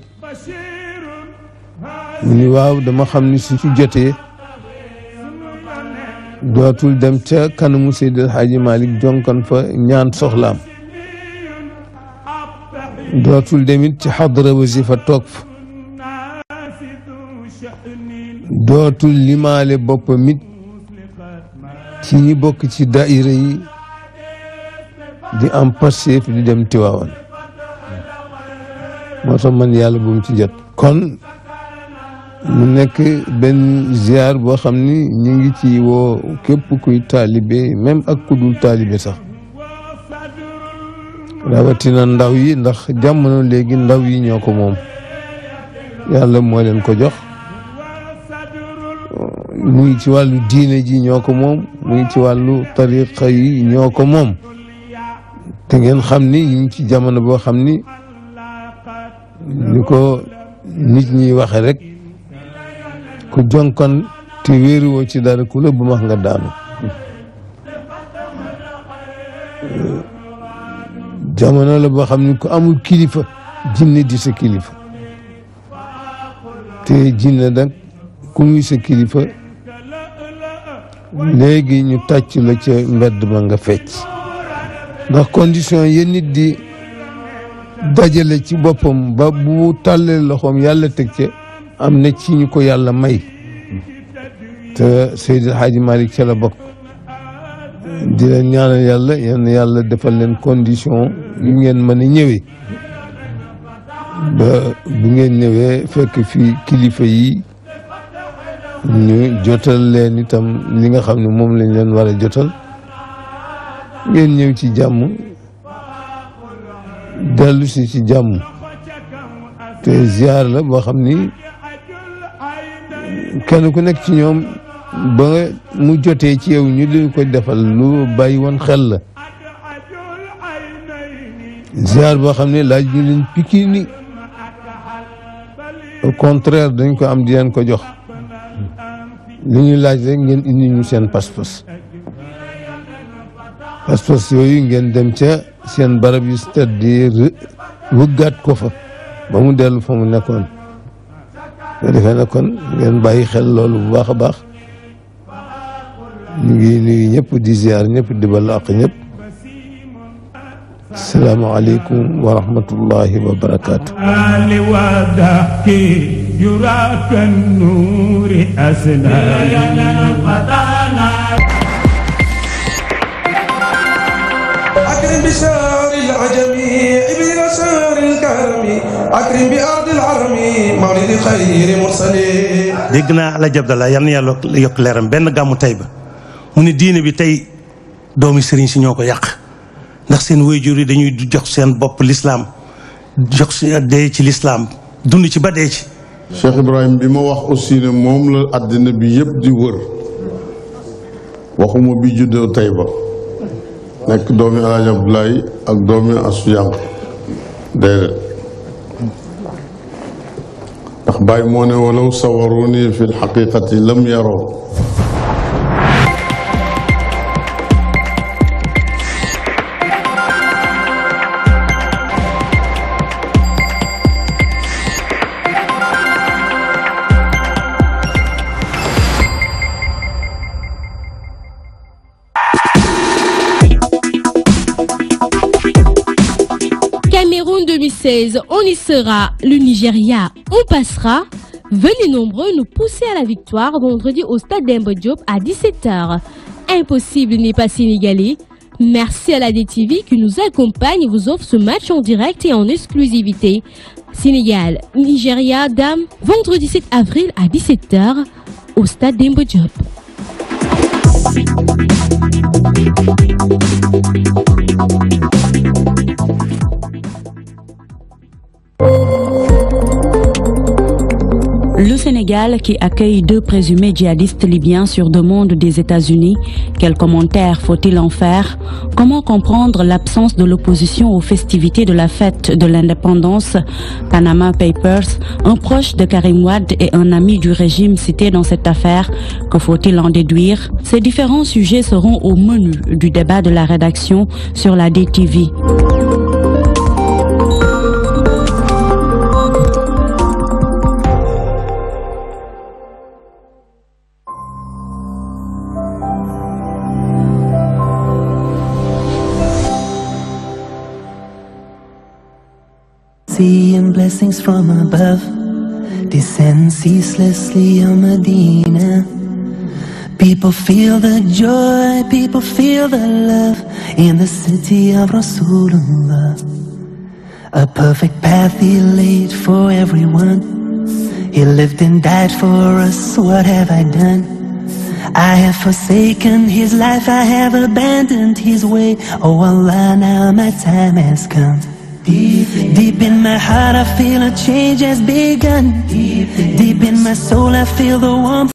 S6: mu ni dama xam ni su ci jotee dootul dem ca kanamu Seydil Hadji Malick jonkan fa ñaan soxlaam dootul demit ci xadra wasifa toog fa dootul limaale boppam it ci ñi ci daayira yi di am passif di dem Tiwaawan moo tax man yàlla bu mu ci jot kon mu nekk benn ziar boo xam ni ñu ngi ci woo képp kuy taalibe même ak ku dul taalibe sax rawatina ndaw yi ndax jamono léegi ndaw yi ñoo ko moom yàlla moo leen ko jox mu ngi ci wàllu diine ji ñoo ko moom mu ngi ci wàllu tariqa yi ñoo ko moom te ngeen xam ni ñu ngi ci jamono boo xam ni ñu ko nit ñi waxe rek ku jonkon te wéeruwoo ci dara ku la bu max nga daanu jamono la boo xam ni ku amul kilifa jinne di sa kilifa te jinne nag ku muy sa kilifa léegi ñu tàcc la ca mbedd ma nga fecc ndax condition yi nit di dajale ci boppam ba bu tàllee loxoom yàlla teg ci am na ci ñu ko yàlla may te Seydi Hadji Malick ca la bokk di leen ñaanal yàlla yenn yàlla defal leen condition yu ngeen mën a ñëwee ba bu ngeen ñëwee fekk fi kilifa yi ñu jotal leen itam li nga xam ne moom lañ leen war a jotal ngeen ñëw ci jàmm dellu si ci jàmm te ziar la boo xam ni kenn ku nekk ci ñoom ba mu jotee ci yow ñu li ko defal lu bàyyi woon xel la ziar boo xam ne laaj ñu leen piki au contraire dañ ko am di leen ko jox li ñu laaj rek ngeen indi ñu seen pas-pas فاسفاس يوين جندمتا سيان باربي ستدير وقات كوفا بامو ديال فوم نكون ودفا نكون جن باي خلول وباخ باخ نجي نجي نيب دي زيار نيب دي بلاق نيب السلام عليكم ورحمة الله وبركاته
S1: آلي وداكي يراك النور أسنى يا
S4: لنا
S3: dégg naa la jab yan yal na yàlla yokk leeram benn gàmmu tey ba mu ne diine bi tey doomi sëriñ si ñoo ko yàq ndax seen waajur yi dañuy jox seen bopp lislaam jox dee ci lislaam dund
S6: ci ba dee ci Cheikh Ibrahim bi ma wax aussi ne moom la àddina bi yëpp di wër waxuma bi juddoo tey ba nek doomi alhaji Hadj Abdoulaye ak doomi asu yank déedéet ndax bay mo ne walaw sawaruni fi alhaqiqati lam yaro
S2: on y sera. Le Nigeria, on passera. Venez nombreux nous pousser à la victoire vendredi au stade d'Embodiop à 17h. Impossible n'est pas sénégalais. Merci à la DTV qui nous accompagne et vous offre ce match en direct et en exclusivité. Sénégal, Nigeria, dames, vendredi 7 avril à 17h au stade d'Embo
S4: Le Sénégal, qui accueille deux présumés djihadistes libyens sur demande des États-Unis, quels commentaires faut-il en faire Comment comprendre l'absence de l'opposition aux festivités de la fête de l'indépendance Panama Papers,
S2: un proche de Karim Wad et un ami du régime cité dans cette affaire, que faut-il en
S4: déduire Ces différents sujets seront au menu du débat de la rédaction sur la DTV. and blessings from above descend ceaselessly on Medina. People feel the joy, people feel the love in the city of Rasulullah. A perfect path he laid for everyone. He lived and died for us, what have I done? I have forsaken his life, I have abandoned his way. Oh Allah, now my time has come. Deep in, deep in my heart I feel a change has begun Deep deep in my soul I feel the warmth